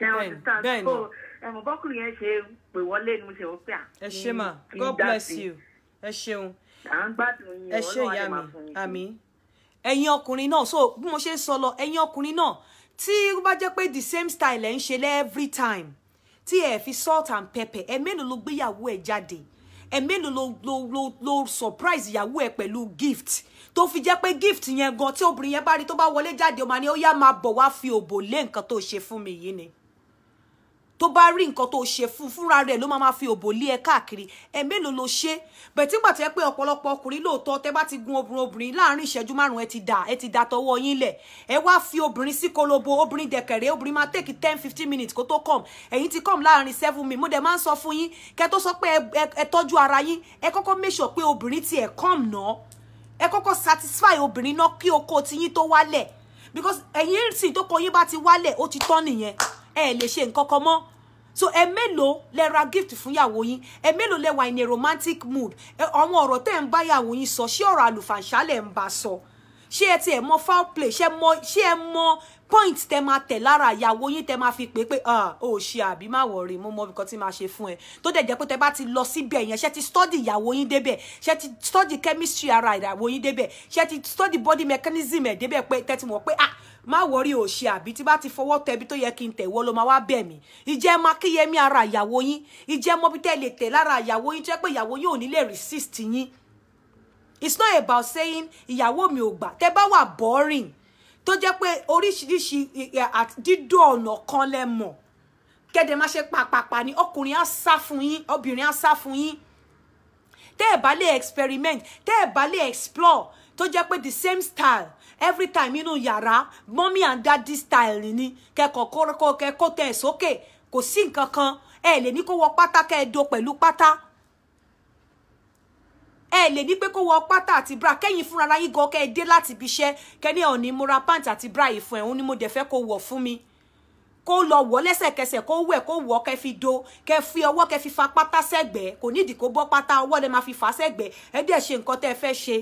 bẹ́ẹ̀ni bẹ́ẹ̀ni ẹ̀mọ̀ bọ́kùnrin yẹn ṣe pè wọlé ni mo ṣe wọ́n pé à. ẹ ṣe mà god bless you ẹ ṣeun ẹ ṣe ìyá mi àmín ẹ̀yin ọkùnrin náà so bí mo ṣe sọ lọ ẹ̀yin ọkùnrin náà tí ó bá jẹ́ pé the same style ẹ̀ ń ṣe every time tí ẹ fi salt and pepper ẹ mélòó ló gbéyàwó ẹ jáde ẹ mélòó ló ló ló ló surprise ìyàwó ẹ pẹ̀lú gift tó fi jẹ́ pé gift yẹn gan tí obìnrin yẹn bá rí tó bá wọlé jáde ó máa ní ó yá máa bọ̀ wá fi òbò lé nǹkan tó ṣe fún mi yìí ni tó bá rí nǹkan tó ṣe fún fúnra rẹ̀ ló máa fi òbò lé ẹ káàkiri ẹ mélòó ló ṣe bẹ̀tí gbà tẹ́ pé ọ̀pọ̀lọpọ̀ ọkùnrin lóòótọ́ tẹ́ bá ti gun obìnrin obìnrin láàrin ìṣẹ́jú márùn-ún ẹ ti dà ẹ ti dà tọwọ́ yín lẹ̀ ẹ wá fi obìnrin sí kolobo obìnrin dẹ̀kẹ̀rẹ́ obìnrin máa tèkì ten fifteen minutes kó tó come ẹ̀yin ti come láàrin seven minutes mo dẹ̀ máa ń sọ fún yín kẹ́ tó sọ pé ẹ tọ́jú ara yín ẹ kọ́kọ́ make pé obìnrin ti ẹ̀ come náà ẹ kọ́kọ́ satisfy obìnrin náà kí oko tiyín tó wálẹ̀ because ẹ̀yin sì tó kọ yín bá ti wálẹ̀ ó ti tán nìyẹn ẹ lè ṣe nǹkan kan mọ́ so ẹ mélòó lẹ ra gift fún yàwó yín ẹ mélòó lẹ wà in romantic mood àwọn ọ̀rọ̀ tẹ́ ń bá yàwó yín sọ ṣé ọ̀rọ̀ àlùfàǹṣálẹ̀ ń bá sọ ṣé ẹ tiẹ̀ mọ foul play ṣé mọ ṣé ẹ mọ point tẹ máa tẹ̀ lára ìyàwó yín tẹ máa fi pé pé ó ṣe àbí má wọrí mo mọ nǹkan tí máa ṣe fún ẹ tó dẹ̀ jẹ́ pé tẹ bá ti lọ síbẹ̀ yẹn ṣé ti study ìyàwó yín débẹ̀ ṣé ti study chemistry ara ìyàwó yín débẹ̀ ṣé ti study body mechanism ẹ̀ débẹ̀ pé tẹ́ ti mọ̀ pé ah má wọrí òṣì àbí tí bá ti fọwọ́ tẹbi tó yẹ kí n tẹ̀wọ́ ló máa wá bẹ̀ mí ìjẹ́ máa kíyèmí ara ìyàwó yín ìjẹ́ mọ́bí tẹ́ lè tẹ̀ lára ìyàwó yín tó yẹ pé ìyàwó yín ò ní lè resist yín it's not about saying ìyàwó mi ò gbà tẹ́ bá wà boring tó jẹ́ pé oríṣiríṣi dídó ọ̀nà kan lẹ mọ̀ kẹ́dẹ̀ má ṣe pàpàpà ni ọkùnrin á sá fún yín obìnrin á sá fún yín tẹ́ ẹ̀ bá lè experiment tẹ́ ẹ̀ bá lè explore tó jẹ́ pé the same style every time inú yàrá mọ́mí and daddy style ni kẹ́kọ̀ọ́ kọ́kọ́ kẹ́kọ́ tẹ̀ sókè kò sí nǹkan kan ẹ lè ní kó wọ pátá kẹ́ ẹ do pẹ̀lú pátá ẹ lè ní pé kó wọ pátá àti bra kẹ́yìn fúnra yín gan kẹ́ ẹ dé láti ibi iṣẹ́ kẹ́ni ọ̀ní mo pant àti bra yìí fún ẹ̀ òun ni mo dẹ̀ fẹ́ kó wọ̀ fún mi kó lọ wọ̀ lẹ́sẹ̀kẹsẹ̀ kó wẹ̀ kó wọ̀ kẹ́ fi do kẹ́ fi ọwọ́ kẹ́ fi fa pátá sẹ́gbẹ̀ẹ́ kò nídìí kó bọ́ pátá ọwọ́ lẹ́ máa fi fà sẹ́gbẹ̀ẹ́ ẹ dẹ̀ ṣe nǹkan tẹ́ ẹ fẹ́ ṣe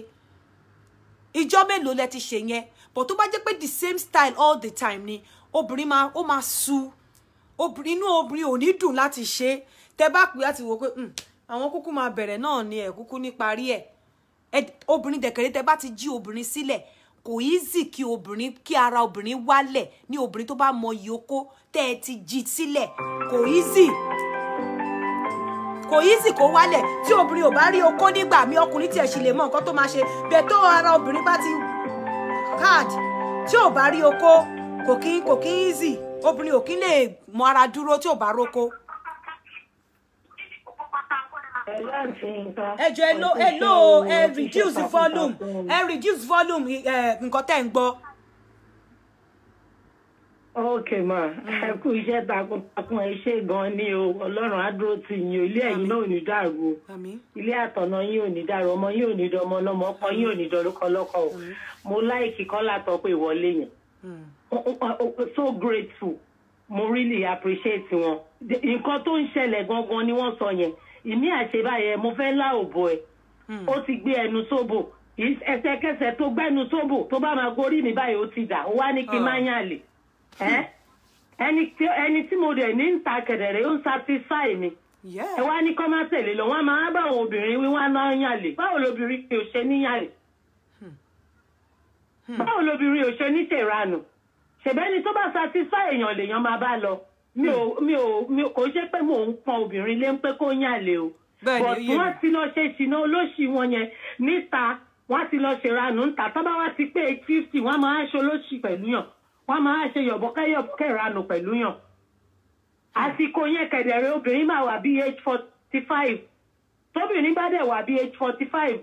ìjọ mélòó lẹ ti ṣe yẹn but tó bá jẹ́ pé the same style all the time ni obìnrin máa ó máa su obìnrin inú obìnrin ò ní dùn láti ṣe tẹ bá pè láti wò pé hmm, àwọn kúkú máa bẹ̀rẹ̀ náà ni ẹ̀ kúkú ní parí ẹ̀ obìnrin dẹ̀kẹ̀rẹ́ tẹ bá ti jí obìnrin sílẹ̀ kò easy kí obìnrin kí ara obìnrin wálẹ̀ ní obìnrin tó bá mọ iyokó tẹ́ ẹ ti jí sílẹ̀ kò easy kò yí sì kó wálẹ̀ tí obìnrin ò bá rí okó nígbà mi ọkùnrin tiẹ̀ sì lè mọ nǹkan tó máa ṣe bẹ́ẹ̀ tó ara obìnrin bá ti hard tí ò bá rí okó kò kí kò kí easy obìnrin ò kí lè mọ ara dúró tí ò bá rókó. ẹ jọ ẹ ló ẹ ló ẹ reduce volume ẹ reduce volume nǹkan tẹ́ ń gbọ́ ókè mà ẹ kú iṣẹ́ takuntakun ẹ ṣe gan ni o ọlọ́run á dúró tì yín ilé ẹ̀yin náà ò ní dàrú ilé àtọ̀nà yín ò ní dàrú ọmọ yín ò ní dọ ọmọ ọlọ́mọ ọkọ yín ò ní dọ lọ́kọlọ́kọ o mo láìkì kọ́ látọ̀ pé ìwọlé yẹn hmm. so grateful mo really appreciate wọn nǹkan tó ń ṣẹlẹ̀ gangan ni wọ́n sọ yẹn ìní àṣebáyẹ mo fẹ́ lá òbò ẹ̀ hmm. ó ti gbé ẹnu sóbò ẹsẹ̀kẹsẹ̀ tó gbẹ́nu sóbò tó bá máa gorí mi báyìí ó ti dà ó wá ní kí n ah. má yàn lè. Hmm. ẹni tí mo rẹ̀ ní ta kẹ̀dẹ̀rẹ̀ ó ń satisfy mi ẹ wá ní kọ́ máa tẹ̀lé lọ wọ́n máa bá àwọn obìnrin wí wọ́n náà yàlè báwo lobìnrin kì í ṣe níyàlè hmm. báwo lobìnrin ò ṣe ní ṣèranù ṣèbẹ́ni tó bá satisfy èèyàn lèèyàn máa bá lọ mi ò hmm. mi ò mi kò jẹ́ pé mò ń pọn obìnrin lé ń pé kó yàlè o but wọ́n ti lọ ṣe ṣìnà olóṣì wọn yẹn níta wọ́n ti lọ ṣèranù níta tó bá wá ti pé eight fifty wọ́n máa ń ṣe olóṣì pẹ̀lú yàn wọ́n máa ṣe yọ̀bọ̀kẹ́yọ̀bọ̀kẹ́ ranù pẹ̀lú yàn àsìkò yẹn kẹ̀dẹ̀rẹ̀ obìnrin máa wà bí age forty five tóbìnrin bá wà bí age uh, forty five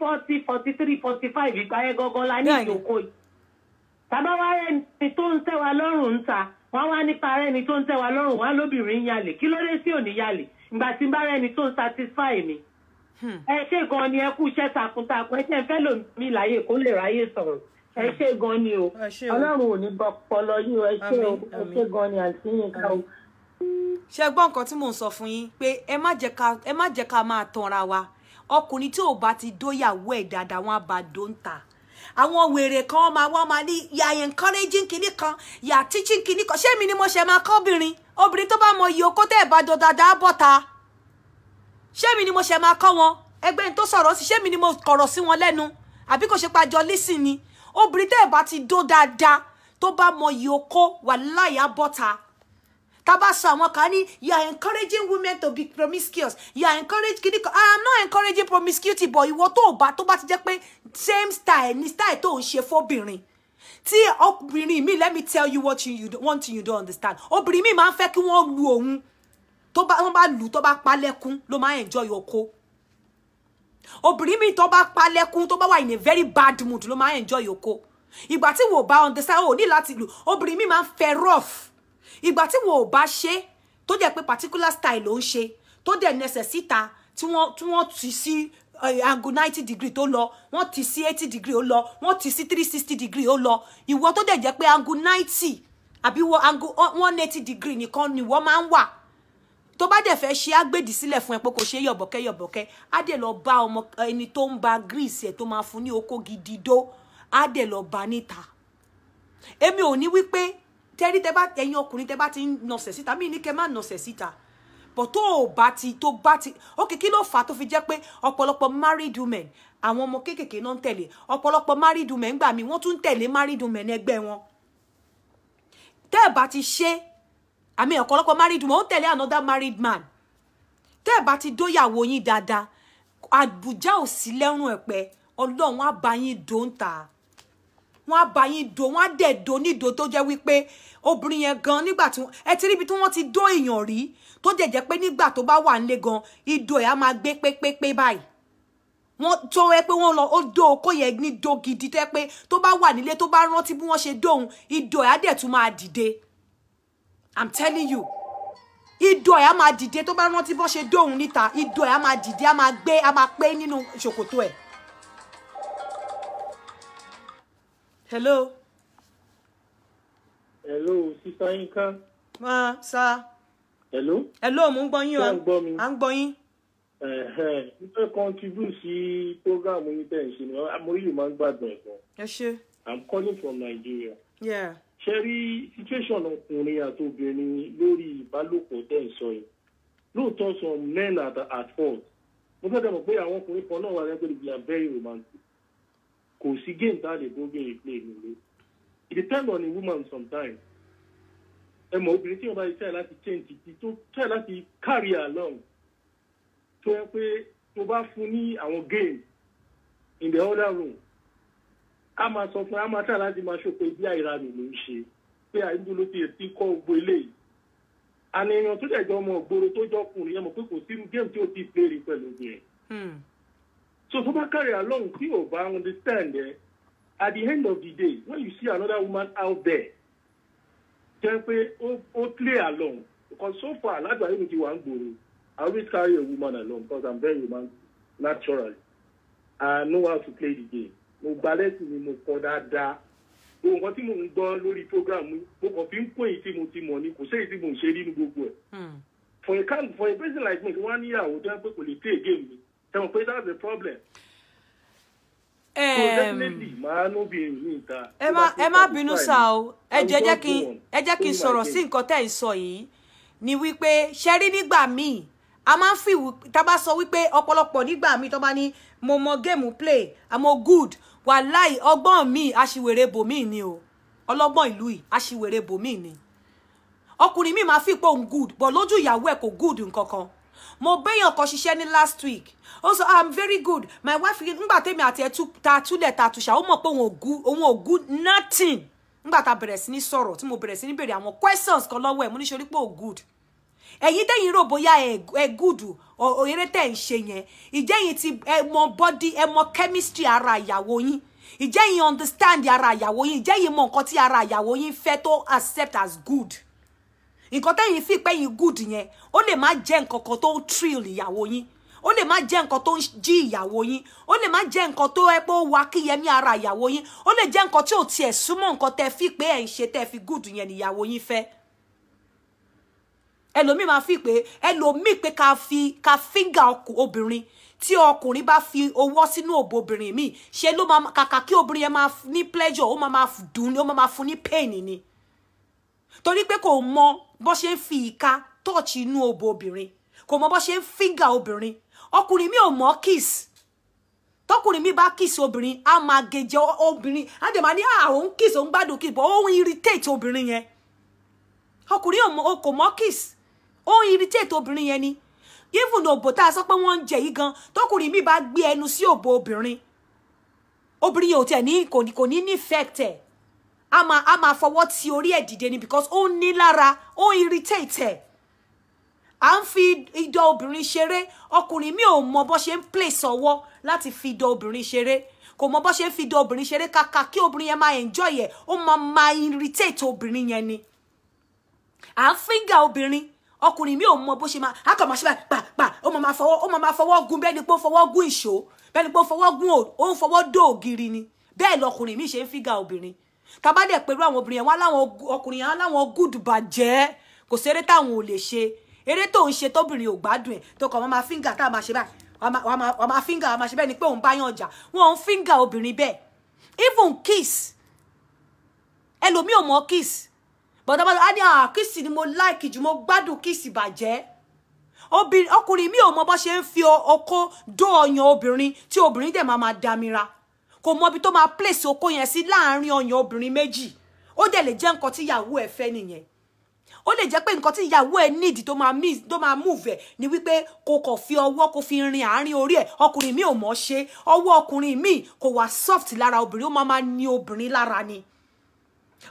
forty forty three forty five ìgbà yẹn la ní ìyókò yìí tàbá wá ẹni tó ń tẹ́ wa lọ́rùn ń ta ẹni tó ń wa lọ́rùn wá lóbìnrin yalè kí ló dé sí òní yalè ẹni tó ń satisfy mi hmm. gan ni ẹ takuntakun ẹ fẹ́ kó lè ẹ ṣe gan ni o ọlọ́run ò ní bọ́ pọlọ yín ẹ ṣe o ẹ ṣe gan ni àǹtí yín ká o. ṣe gbọ́ nǹkan tí mò ń sọ fún yín pé ẹ má jẹ́ ká máa tanra wa ọkùnrin tí ò bá ti dóyàwó ẹ̀ dáadáa wọn á bá dóńtà àwọn wèrè kan máa wọ́n máa ní yà encouraging kinní kan yà teaching kinní kan ṣé mi ni mo ṣe máa kọ́bìnrin obìnrin tó bá mọ iye okó tẹ́ ẹ̀ bá dọ̀ dáadáa bọ̀ ta ṣé mi ni mo ṣe máa kọ́ wọn ẹgbẹ́ ní tó sọ̀rọ̀ sí ṣé mi ni mo kọ̀rọ̀ sí wọn lẹ́nu àbí kò ṣe pàjọ lísìn ni obìnrin tẹ́ ẹ̀ bá ti dó dáadáa tó bá mọ iye okó wà láyà bọ́ta tábà sọ àwọn kan ní you are encouraging women to be promiscuous you are encouraging kìdí kan i am not encouraging promiscuity but ìwọ tó bá tó bá ti jẹ́ pé same style ni style tó ń ṣe fóbìnrin tí obìnrin mi let me tell you what you, you one thing you don't understand obìnrin mi máa ń fẹ́ kí wọ́n lu òun tó bá wọ́n bá lù tó bá pa ló máa enjoy oko obìnrin mi tó bá palẹ̀kùn tó bá wà in a very bad mood ló máa enjoy oko ìgbà tí wò bá understand ò ní láti lu. obìnrin mi máa ń fẹ́ rough ìgbà tí wò bá ṣe tó jẹ́ pé particular style ló ń ṣe tó dẹ̀ nẹsẹ̀ síta tí wọ́n tí wọ́n ti sí eh, angle ninety degree tó lọ wọ́n ti sí eighty degree ó lọ wọ́n ti sí three sixty degree ó lọ ìwọ tó dẹ̀ jẹ́ pé angle ninety àbí wọ́n angle one eighty degree nìkan ni wọ́n máa ń wà tó bá dẹ̀ fẹ́ ṣe ágbèdì sílẹ̀ fún ẹ pé kò ṣe yọ̀bọ̀kẹ́ yọ̀bọ̀kẹ́ á dẹ̀ lọ bá ọmọ ẹni tó ń ba greece ẹ̀ tó máa fún ní okó gidi dó á dẹ̀ lọ bá níta èmi ò ní wípé tẹ́rí tẹ́ bá ẹ̀yin ọkùnrin tẹ́ bá ti ń nọ̀sẹ̀ síta mí ní kẹ́ má nọ̀sẹ̀ síta but tó o bá ti tó bá ti ok kí ló fà á tó fi jẹ́ pé ọ̀pọ̀lọpọ̀ married women àwọn ọmọ kéékèèké náà ń tẹ̀lé ọ̀pọ̀lọpọ̀ married women gbà mí wọ́n tún ń tẹ̀lé married women ẹgbẹ́ wọn tẹ́ ẹ̀ bá ti ṣe àmì ọ̀pọ̀lọpọ̀ married woman ó tẹ̀lé another married man tẹ́ ẹ̀ bá ti dóyàwó yín dáadáa àbújá ò sí lẹ́rùn ẹ̀pẹ́ ọlọ́run á bá yín dó ń ta wọ́n á bá yín dó wọ́n á dẹ̀ dó nídó tó jẹ́ wípé obìnrin yẹn gan nígbà tí ẹ ti ríbi tí wọ́n ti dó èèyàn rí tó jẹ́ jẹ́ pé nígbà tó bá wà nílé gan ìdó ẹ̀ á máa gbé pépépé báyìí wọ́n tó ẹ pé wọ́n lọ ó dó okó yẹn ní dó gidi tẹ́ pé tó bá wà nílé tó bá rántí bí wọ́n ṣe dóhun ìdó ẹ̀ á dẹ̀ tún máa dìde i'm telling you idọ ẹ̀ á máa dìde tó bá rántí bó ṣe dóhùn níta idọ ẹ̀ á máa dìde á máa gbé a máa pé nínú ṣòkòtò ẹ̀. hello. hello sísá yínká. máa sá. hello. hello mo ń gbọ́ yín o à ń gbọ́ yín. nípa contribute sí programu yín bẹ́ẹ̀ ṣe ni amórílù máa ń gbàgbọ́ ẹ̀gbọ́n. ẹ i'm calling from Nigeria. yeah ṣe situation ọkùnrin àti obìnrin lórí ìbálòpọ̀ tẹ̀ ń sọ yìí lóòótọ́ some men at at fault mo fẹ́ dẹ̀mọ̀ pé àwọn ọkùnrin kan náà wà lẹ́gbẹ̀ẹ́ níbi are very romantic kò sí game tá a lè bóbìnrin play nílé it depends on a woman sometimes ẹ mọ̀ obìnrin tí wọ́n bá ti tẹ̀ láti change ti tó tẹ̀ láti carry along tó yẹ pé tó bá fún ní àwọn game in the other room a máa sọ fún a láti máa ṣòpin bí àìranù ló ń ṣe pé àìbú ti ti kọ́ gbogbo eléyìí àni tó dẹ̀jọ́ ọmọ ògbóró tó jọkùnrin yẹn mọ̀ pé kò sí géèmù tí ó ti béèrè pẹ̀lú obìnrin. Hmm. so tó bá carry along tí ò bá understand ẹ at the end of the day when you see another woman out there jẹ́ pé ó play along because so far alágbàáyé mi ti wà ń gbòòrò I always carry a woman alone because I'm very romantic naturally I know how to play the game. mo gba lẹ́sìn ni mo kọ́ dáadáa nǹkan tí mo ń gbọ́ program kàn fi ń kó tí mo ti mọ̀ ni kò séyìí tí mò ń ṣe gbogbo ẹ̀. Hmm. for a kind for a person like me wọ́n á níyàwó tó kò lè tẹ̀ mi tẹ̀wọ̀n pé that's problem. ẹ má bínú sá o ẹ jẹ́ kí n sọ̀rọ̀ sí nǹkan tẹ́ ẹ sọ yìí ni wípé ṣe nígbà míì a máa ń fi tá a bá sọ wípé ọ̀pọ̀lọpọ̀ nígbà míì tó bá ní mo mọ géèmù play àmọ́ good wàláì ọgbọ́n mi aṣiwèrè bòmíì ni o ọlọ́gbọ́n ìlú yìí aṣiwèrè bòmíì ni ọkùnrin mi ma fi po good but loju ìyàwó ẹ̀ kò good nkankan mo béèyàn kan ṣiṣẹ́ ní last week Also i'm very good my wife nígbà tèmi àti ẹ̀ ta túlẹ̀ ta tùṣà ó mọ̀ pé òun ò good nothing nígbà tá a bẹ̀rẹ̀ sí ní sọ̀rọ̀ mo bẹ̀rẹ̀ sí ní béèrè àwọn questions kan lọ́wọ́ ẹ̀ mo ní ṣe orí good ẹ̀yin tẹ̀yin rò bóyá ẹ gùdù òyìnbó tẹ̀ ń ṣe yẹn ìjẹ́yìn ti ẹ mọ bọ́dí ẹ mọ chemistry ara ìyàwó yín ìjẹ́yìn understand ara ìyàwó yín ìjẹ́yìn mọ nǹkan tí ara ìyàwó yín fẹ́ tó accept as good nǹkan tẹ̀yin fi pé yín good yẹn ó lè má jẹ́ nǹkan kan tó thrill ìyàwó yín ó lè má jẹ́ nǹkan tó ń jí ìyàwó yín ó lè má jẹ́ nǹkan tó ẹ pé ó wá kíyẹmí ara ìyàwó yín ó lè jẹ́ nǹkan tí ò tiẹ̀ súnmọ́ nǹkan tẹ́ fi pé ẹ̀ ń ṣe tẹ́ fi good yẹn níyàwó yín fẹ́ ẹlòmíì máa fi pé ẹlòmíì pé ka fi ká fíngà obìnrin tí ọkùnrin bá fi ọwọ́ sínú òbò obìnrin míì ṣe ló máa kàkà kí obìnrin yẹn máa ní pleasure ó máa máa dùn ni ó máa máa fún ní pain ni torí pé kò mọ bó ṣe ń fi ìka tọ́ọ̀chì inú òbò obìnrin kò mọ bó ṣe ń fíngà obìnrin ọkùnrin mi ò mọ kiss tọkùnrin mi bá kiss obìnrin á máa gèjè obìnrin á dẹ̀ máa ní àwọn ah, kiss òun gbádùn kiss bọ́ òun irritate obìnrin yẹn ọkùnrin ò mọ kiss ó ń irritate obìnrin yẹn ni even òbò tá a sọ pé wọ́n ń jẹ gan tọkùnrin mi bá gbé ẹnu sí òbò obìnrin obìnrin yẹn ò tẹ̀ ní kò ní ní effect ẹ̀ a máa a máa fọwọ́ ti orí ni because ó ń ní lára irritate ẹ̀ à ń fi idọ̀ obìnrin ṣeré ọkùnrin mi ò mọ bó ṣe ń place owo. láti fi idọ̀ obìnrin ṣeré kò mọ bó ṣe ń fi idọ̀ obìnrin ṣeré kàkà kí obìnrin yẹn máa enjoy e. O ma ma irritate obìnrin yẹn ni à ń fíngà ọkùnrin mi ò mọ bó ṣe máa a kàn máa ṣe báyìí pàpà ó ma fọwọ́ ó máa fọwọ́ gun bẹ́ẹ̀ ni pé ó fọwọ́ gun ìṣó bẹ́ẹ̀ ni pé ó fọwọ́ gun ó ń fọwọ́ dó ògiri ni bẹ́ẹ̀ lọkùnrin mi ṣe ń fígà obìnrin tàbá dẹ̀ pẹ̀lú àwọn obìnrin yẹn wọ́n láwọn ọkùnrin yẹn láwọn gùdù bàjẹ́ kò sí eré táwọn ò lè ṣe eré tó ń ṣe tóbìnrin ò gbádùn ẹ̀ tó kàn wọ́n máa fíngà tá a máa ṣe báyìí wọ́n ma fíngà wọ́n máa ṣe bẹ́ẹ̀ ni pé òun bá yàn ọjà wọ́n ń fíngà obìnrin bẹ́ẹ̀ even kiss ẹlòmíì ò mọ kiss bọ̀dọ̀bọ̀dọ̀ á ní à ah, kìsì ni mo láìkì jù mo gbádùn kìsì bàjẹ́ ọkùnrin mi ò mọ bó ṣe ń fi okó dó ọyàn obìnrin tí obìnrin dẹ̀ máa máa damira kò mọ ibi tó máa pèsè okó yẹn sí láàárín ọyàn obìnrin méjì ó dẹ̀ lè jẹ́ nǹkan tí ìyàwó ẹ̀ fẹ́ nìyẹn ó lè jẹ́ pé nǹkan tí ìyàwó ẹ̀ níìdì tó máa miss tó máa move ni wípé kò kàn fi ọwọ́ kò fi rin àárín orí ẹ̀ ọkùnrin mi ò mọ̀ ṣe ọwọ́ ọkùnrin mi kò wà soft lára obìnrin ó máa máa ní obìnrin lára ni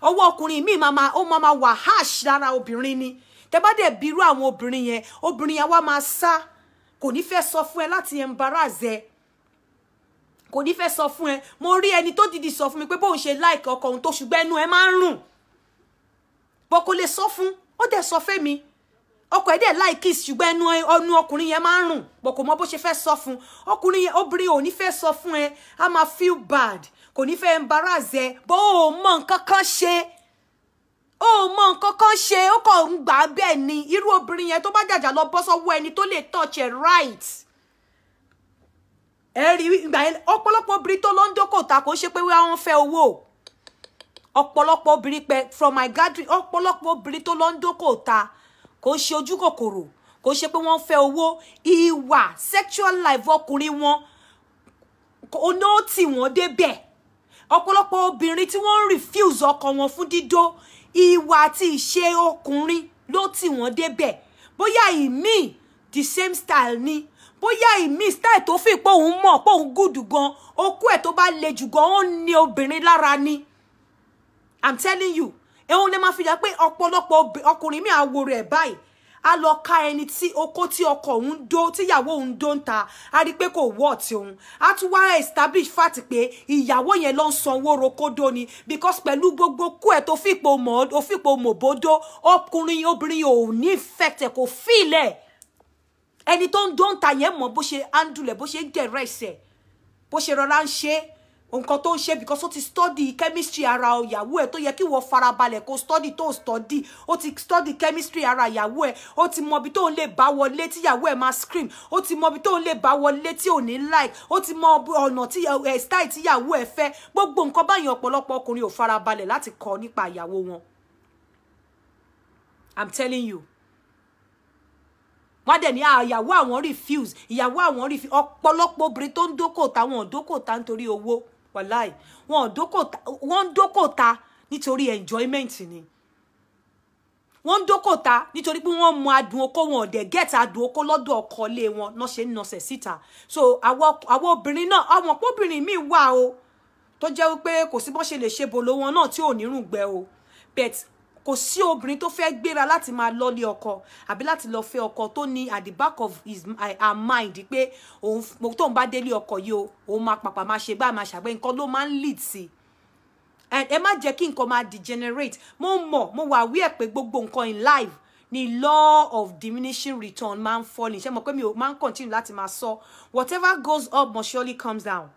ọwọ́ ọkùnrin míì máa máa ó máa máa wà harsh lára obìnrin ni tẹ bá dẹ̀ bírú àwọn obìnrin yẹn obìnrin yẹn wá máa sá kò ní fẹ́ sọ fún ẹ láti embarrass ẹ kò ní fẹ́ sọ fún ẹ mo rí ẹni tó dìdí sọ fún mi pé bóun ṣe láìka ọkọ òun tó ṣùgbọ́n ẹnu ẹ máa ń rùn bọ́ kò lè sọ fún ó dẹ̀ sọ fẹ́ mi ọkọ ẹ̀ dẹ̀ láìkí ṣùgbọ́n ẹnu ọnu ọkùnrin yẹn máa ń rùn bọ̀ kò mọ bó ṣe fẹ́ sọ fún ọkùnrin yẹn obìnrin ò ní fẹ́ sọ fún ẹ á máa feel bad kò ní fẹ́ embarrass ẹ bó o mọ nǹkan kan ṣe ó mọ nǹkan kan ṣe ó kàn ń gbà bẹ́ẹ̀ ni irú obìnrin yẹn tó bá jàjà lọ bọ́ sọ́wọ́ ẹni tó lè touch ẹ right ẹ rí ìgbà yẹn ọ̀pọ̀lọpọ̀ obìnrin tó lọ ń dókò ta kò ṣe pé wọ́n fẹ́ owó ọ̀pọ̀lọpọ̀ obìnrin pẹ̀ from my gathering ọ̀pọ̀lọpọ̀ obìnrin tó lọ ń dókò ta kò ṣe ojú kòkòrò kò ṣe pé wọ́n fẹ́ owó ìwà sexual life ọkùnrin wọn kò ní ó tì wọ́n débẹ̀ ọ̀pọ̀lọpọ̀ obìnrin tí wọ́n ń refuse ọkọ wọn fún dídó ìwà àti ìṣe ọkùnrin ló tì wọ́n débẹ̀ bóyá ìmí the same style ni bóyá ìmí style tó fi pé òun mọ̀ pé òun gùdù gan okú ẹ̀ tó bá le jù gan ó ní obìnrin lára ni i'm telling you ẹ̀hún lè máa fi yà pé ọ̀pọ̀lọpọ̀ ọkùnrin mi àwòrán ẹ̀ báyìí a lọ ka ẹni tí oko tí ọkọ òun dó tíyàwó òun dó ń ta a rí i pé kò wọ́ ọ̀tí òun a tún wá establish fact pé ìyàwó yẹn ló ń sanwó rokodo ni because pẹ̀lú gbogbo kú ẹ̀ tó fìpò mọ̀ ó fìpò mòbódó ọkùnrin obìnrin ò ní ìfẹ̀tẹ̀ kò fílẹ̀ ẹni tó ń dó ń ta yẹn mọ̀ bó ṣe handle bó ṣe ń dẹ̀rẹ̀ ẹ̀sẹ̀ bó ṣe rọra ń ṣe é nǹkan tó ń ṣe because ó ti study chemistry ara ìyàwó ẹ̀ tó yẹ kí wọ́n farabalẹ̀ kó study tó study ó ti study chemistry ara ìyàwó ẹ̀ ó ti mọ ibi tó ń lè bá wọlé tí ìyàwó ẹ̀ máa scream ó ti mọ ibi tó ń lè bá wọlé tí ò ní like ó ti mọ ọ̀nà tí eh, style tí ìyàwó ẹ̀ fẹ́ gbogbo nǹkan báyìí ọ̀pọ̀lọpọ̀ ọkùnrin ò farabalẹ̀ láti kọ́ nípa ìyàwó wọn i'm telling you wọ́n dẹ̀ ní ah, ìyàwó àwọn refuse ìyàwó àwọn refuse ọ̀pọ̀lọpọ̀ obìnrin tó ń dókòtà wọn ò dókòtà nítorí owó wàláì wọn ń dókòta nítorí enjoyment ni wọ́n ń dókòta nítorí pé wọ́n mọ adùn oko wọn ọ̀dẹ̀ gẹ́ẹ̀tì adùn oko lọ́dọ̀ ọkọlé wọn náà ṣe ń nọsẹ̀ síta so àwọn obìnrin náà àwọn ọ̀pọ̀bìnrin míì wà o tó jẹ́ wípé kò sí bọ́n ṣe lè ṣe bòló wọn náà tí ò nírùngbẹ́ o but kò sí obìnrin tó fẹ́ gbéra láti máa lọ́lé ọkọ àbí láti lọ fẹ́ ọkọ tó ní at the back of his eh, her mind pé òun tóun bá délé ọkọ yìí o òun máa pàpà máa ṣe bá máa ṣàgbẹ́ nǹkan ló máa ń lead sí i ẹ má jẹ́ kí nǹkan máa degenerate mo mọ̀ mo wà wí ẹ̀ pé gbogbo nǹkan in life ni law of diminishing return máa ń fall ní ṣe mọ̀ pé mi ò máa ń continue láti máa sọ whatever goes up must surely comes down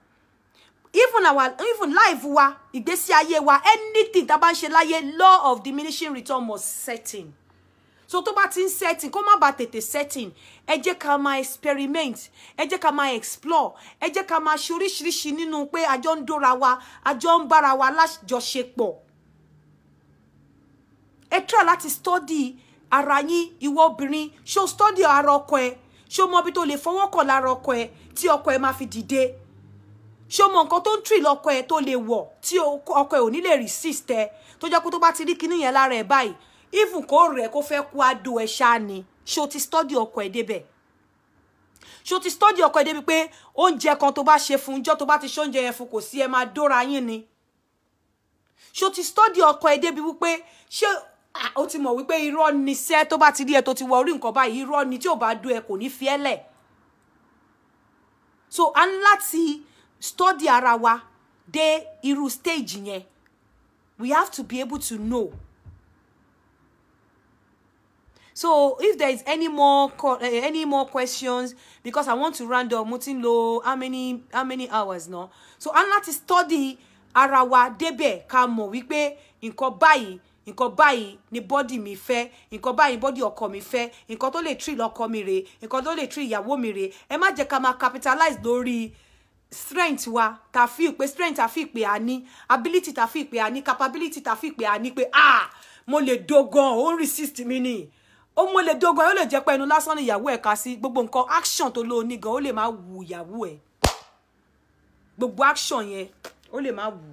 even our even life wa ìgbésí ayé wa anything tá bá ń ṣe law of diminishing return must setting. so to bá ti setting kó má ba tètè setting ẹ jẹ́ ká máa experiment ẹ jẹ́ ká máa explore ẹ jẹ́ ká máa ṣe oríṣiríṣi nínú pé àjọ ń dóra wa àjọ ń bára wa lájọṣepọ̀ ẹ try láti study ara yín ìwọ obìnrin ṣó study ara ọkọ ẹ ṣó mọ ibi tó lè fọwọ́ kàn lára ọkọ ẹ tí ọkọ ẹ máa fi dìde ṣé o mọ nǹkan tó ń tìrì lọkọ ẹ tó lè wọ tí ọkọ ẹ ò ní lè resist ẹ tó jẹ́ kó tó bá ti rí kinní yẹn lára ẹ báyìí even kó rẹ̀ kó fẹ́ kú ado ẹ ṣáá ni ṣé ti study ọkọ ẹ débẹ̀ ṣé ti study ọkọ ẹ débi pé oúnjẹ kan tó bá ṣe fún ijọ́ tó bá ti ṣe yẹn fún kò sí ẹ máa dóra yín ni ṣé ti study ọkọ ẹ débi wípé ṣé o ti mọ̀ wípé irọ́ ni sẹ́ tó bá ti rí ẹ tó ti wọ orí nǹkan báyìí irọ́ ni tí ò bá dó ẹ kò ní fi ẹ́ lẹ̀ so a ń láti study ara wa dé irú stage yẹn we have to be able to know so if there is any more uh, any more questions because i want to round up mo ti ń how many how many hours na so a ní study ara wa débẹ̀ ká mọ̀ wípé nǹkan báyìí nǹkan báyìí ni bọ́dì mi fẹ́ nǹkan báyìí bọ́dì ọkọ mi fẹ́ nǹkan tó lè treat ọkọ mi rèé nǹkan tó lè treat ìyàwó mi rèé ẹ má jẹ́ ká máa capitalize lórí strength wa ta fi pé strength ta fi pé a ní ability ta fi pé a ní capability ta fi pé a ní pé ah mo le dogan ó ń resist mi ni ó mo le dogan ó lè jẹ́ pé ẹnu lásán ni ìyàwó ẹ̀ ká sí gbogbo nǹkan action tó lóo ní gan ó lè má wù ìyàwó ẹ̀ gbogbo action yẹn ó lè má wù.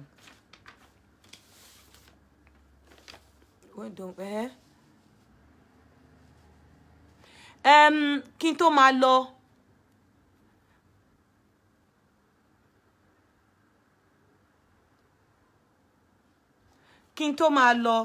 Eh? kí n tó máa lọ. kí n tó máa lọ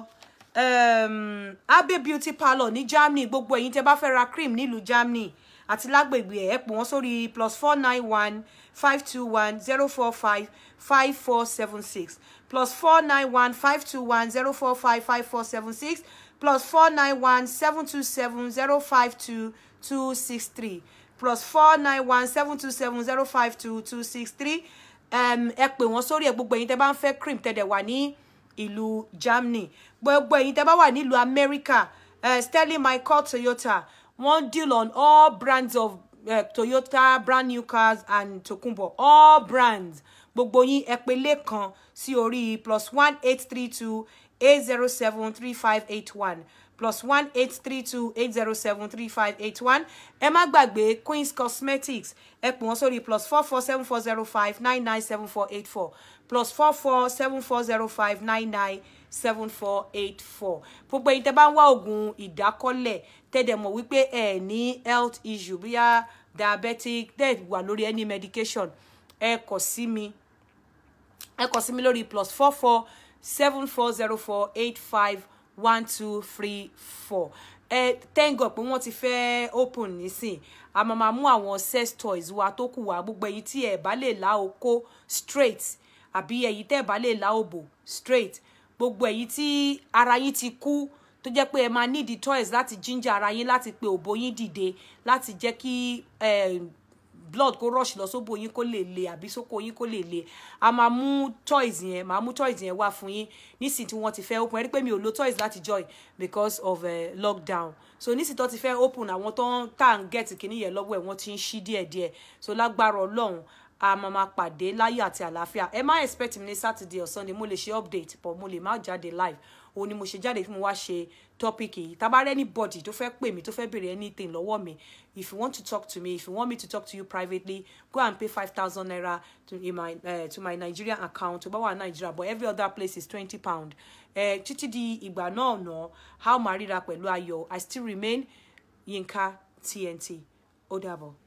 um, Abbey Beauty Parlour ní Germany gbogbo ẹ̀yin tẹ́ bá fẹ́ ra cream nílùú Germany àti lágbègbè ẹ̀ pè wọ́n sórí plus four nine one five two one zero four five five four seven six plus four nine one five two one zero four five five four seven six plus four nine one seven two seven zero five two two six three plus four nine one seven two seven zero five two two six three um, ẹ pè wọ́n sórí ẹ̀ gbogbo ẹ̀yin tẹ́ bá ń fẹ́ cream tẹ́ dẹ̀ wà ní ìlú Germany gbogbo ẹ̀yin tẹ́ bá wà nílùú America uh, Sterling Michael Toyota wọ́n deal on all brands of uh, Toyota brand new cars and Tokunbo all brands gbogbo yín ẹ pè sí orí plus one eight three two eight zero seven three five eight one plus one eight three two eight zero seven three five eight one ẹ má gbàgbé Queen's Cosmetics ẹ pè wọ́n sórí plus four four seven four zero five nine nine seven four eight four plus four four seven four zero five nine nine seven four eight four gbogbo ẹ̀yin tẹ́ bá ń wá oògùn ìdákọ́lẹ̀ tẹ́dẹ̀ mọ̀ wípé ẹ ní health issue bóyá diabetic tẹ́ wà lórí any medication ẹ kọ sí mi ẹ kọ sí mi lórí plus four four seven four zero four eight five one two three four ẹ thank God pé wọ́n ti fẹ́ open nísìn a máa mú àwọn sex toys wa tó kù wá gbogbo ẹ̀yin tí ẹ bá lè lá oko straight àbí ẹ̀yin tẹ́ ẹ̀ bá lè la òbò straight gbogbo ẹ̀yin tí ara yín ti kú tó jẹ́ pé ẹ máa need toys láti ginger ara yín láti pe òbò yín dìde láti jẹ́ kí eh, blood kó rush lọ sóbò yín kó lè le àbí sóko yín kó lè le a máa mú toys yẹn máa mú toys yẹn wá fún yín nísìnyí tí wọ́n ti fẹ́ open ẹ rí pé mi ò lo toys láti joy because of uh, lockdown so nísìnyí tó ti fẹ́ open àwọn tó ń tà ń get kìíní yẹn lọ́wọ́ ẹ̀ wọ́n ti ń ṣí díẹ̀díẹ̀ so lágbára ọlọ́run a máa máa pàdé láyé àti àlàáfíà ẹ má expect mi ní Saturday or Sunday mo lè ṣe update but mo lè má jáde live òun ni mo ṣe jáde tí mo wá ṣe topic yìí tá a bá rẹ́ anybody tó fẹ́ pè mí tó fẹ́ béèrè anything lọ́wọ́ mi if you want to talk to me if you want me to talk to you privately go and pay five thousand naira to my uh, to my Nigerian account tó bá Nigeria but every other place is twenty pound uh, títí di ìgbà náà ná how màá ríra pẹ̀lú ayọ̀ I still remain Yinka TNT ó dàbọ̀.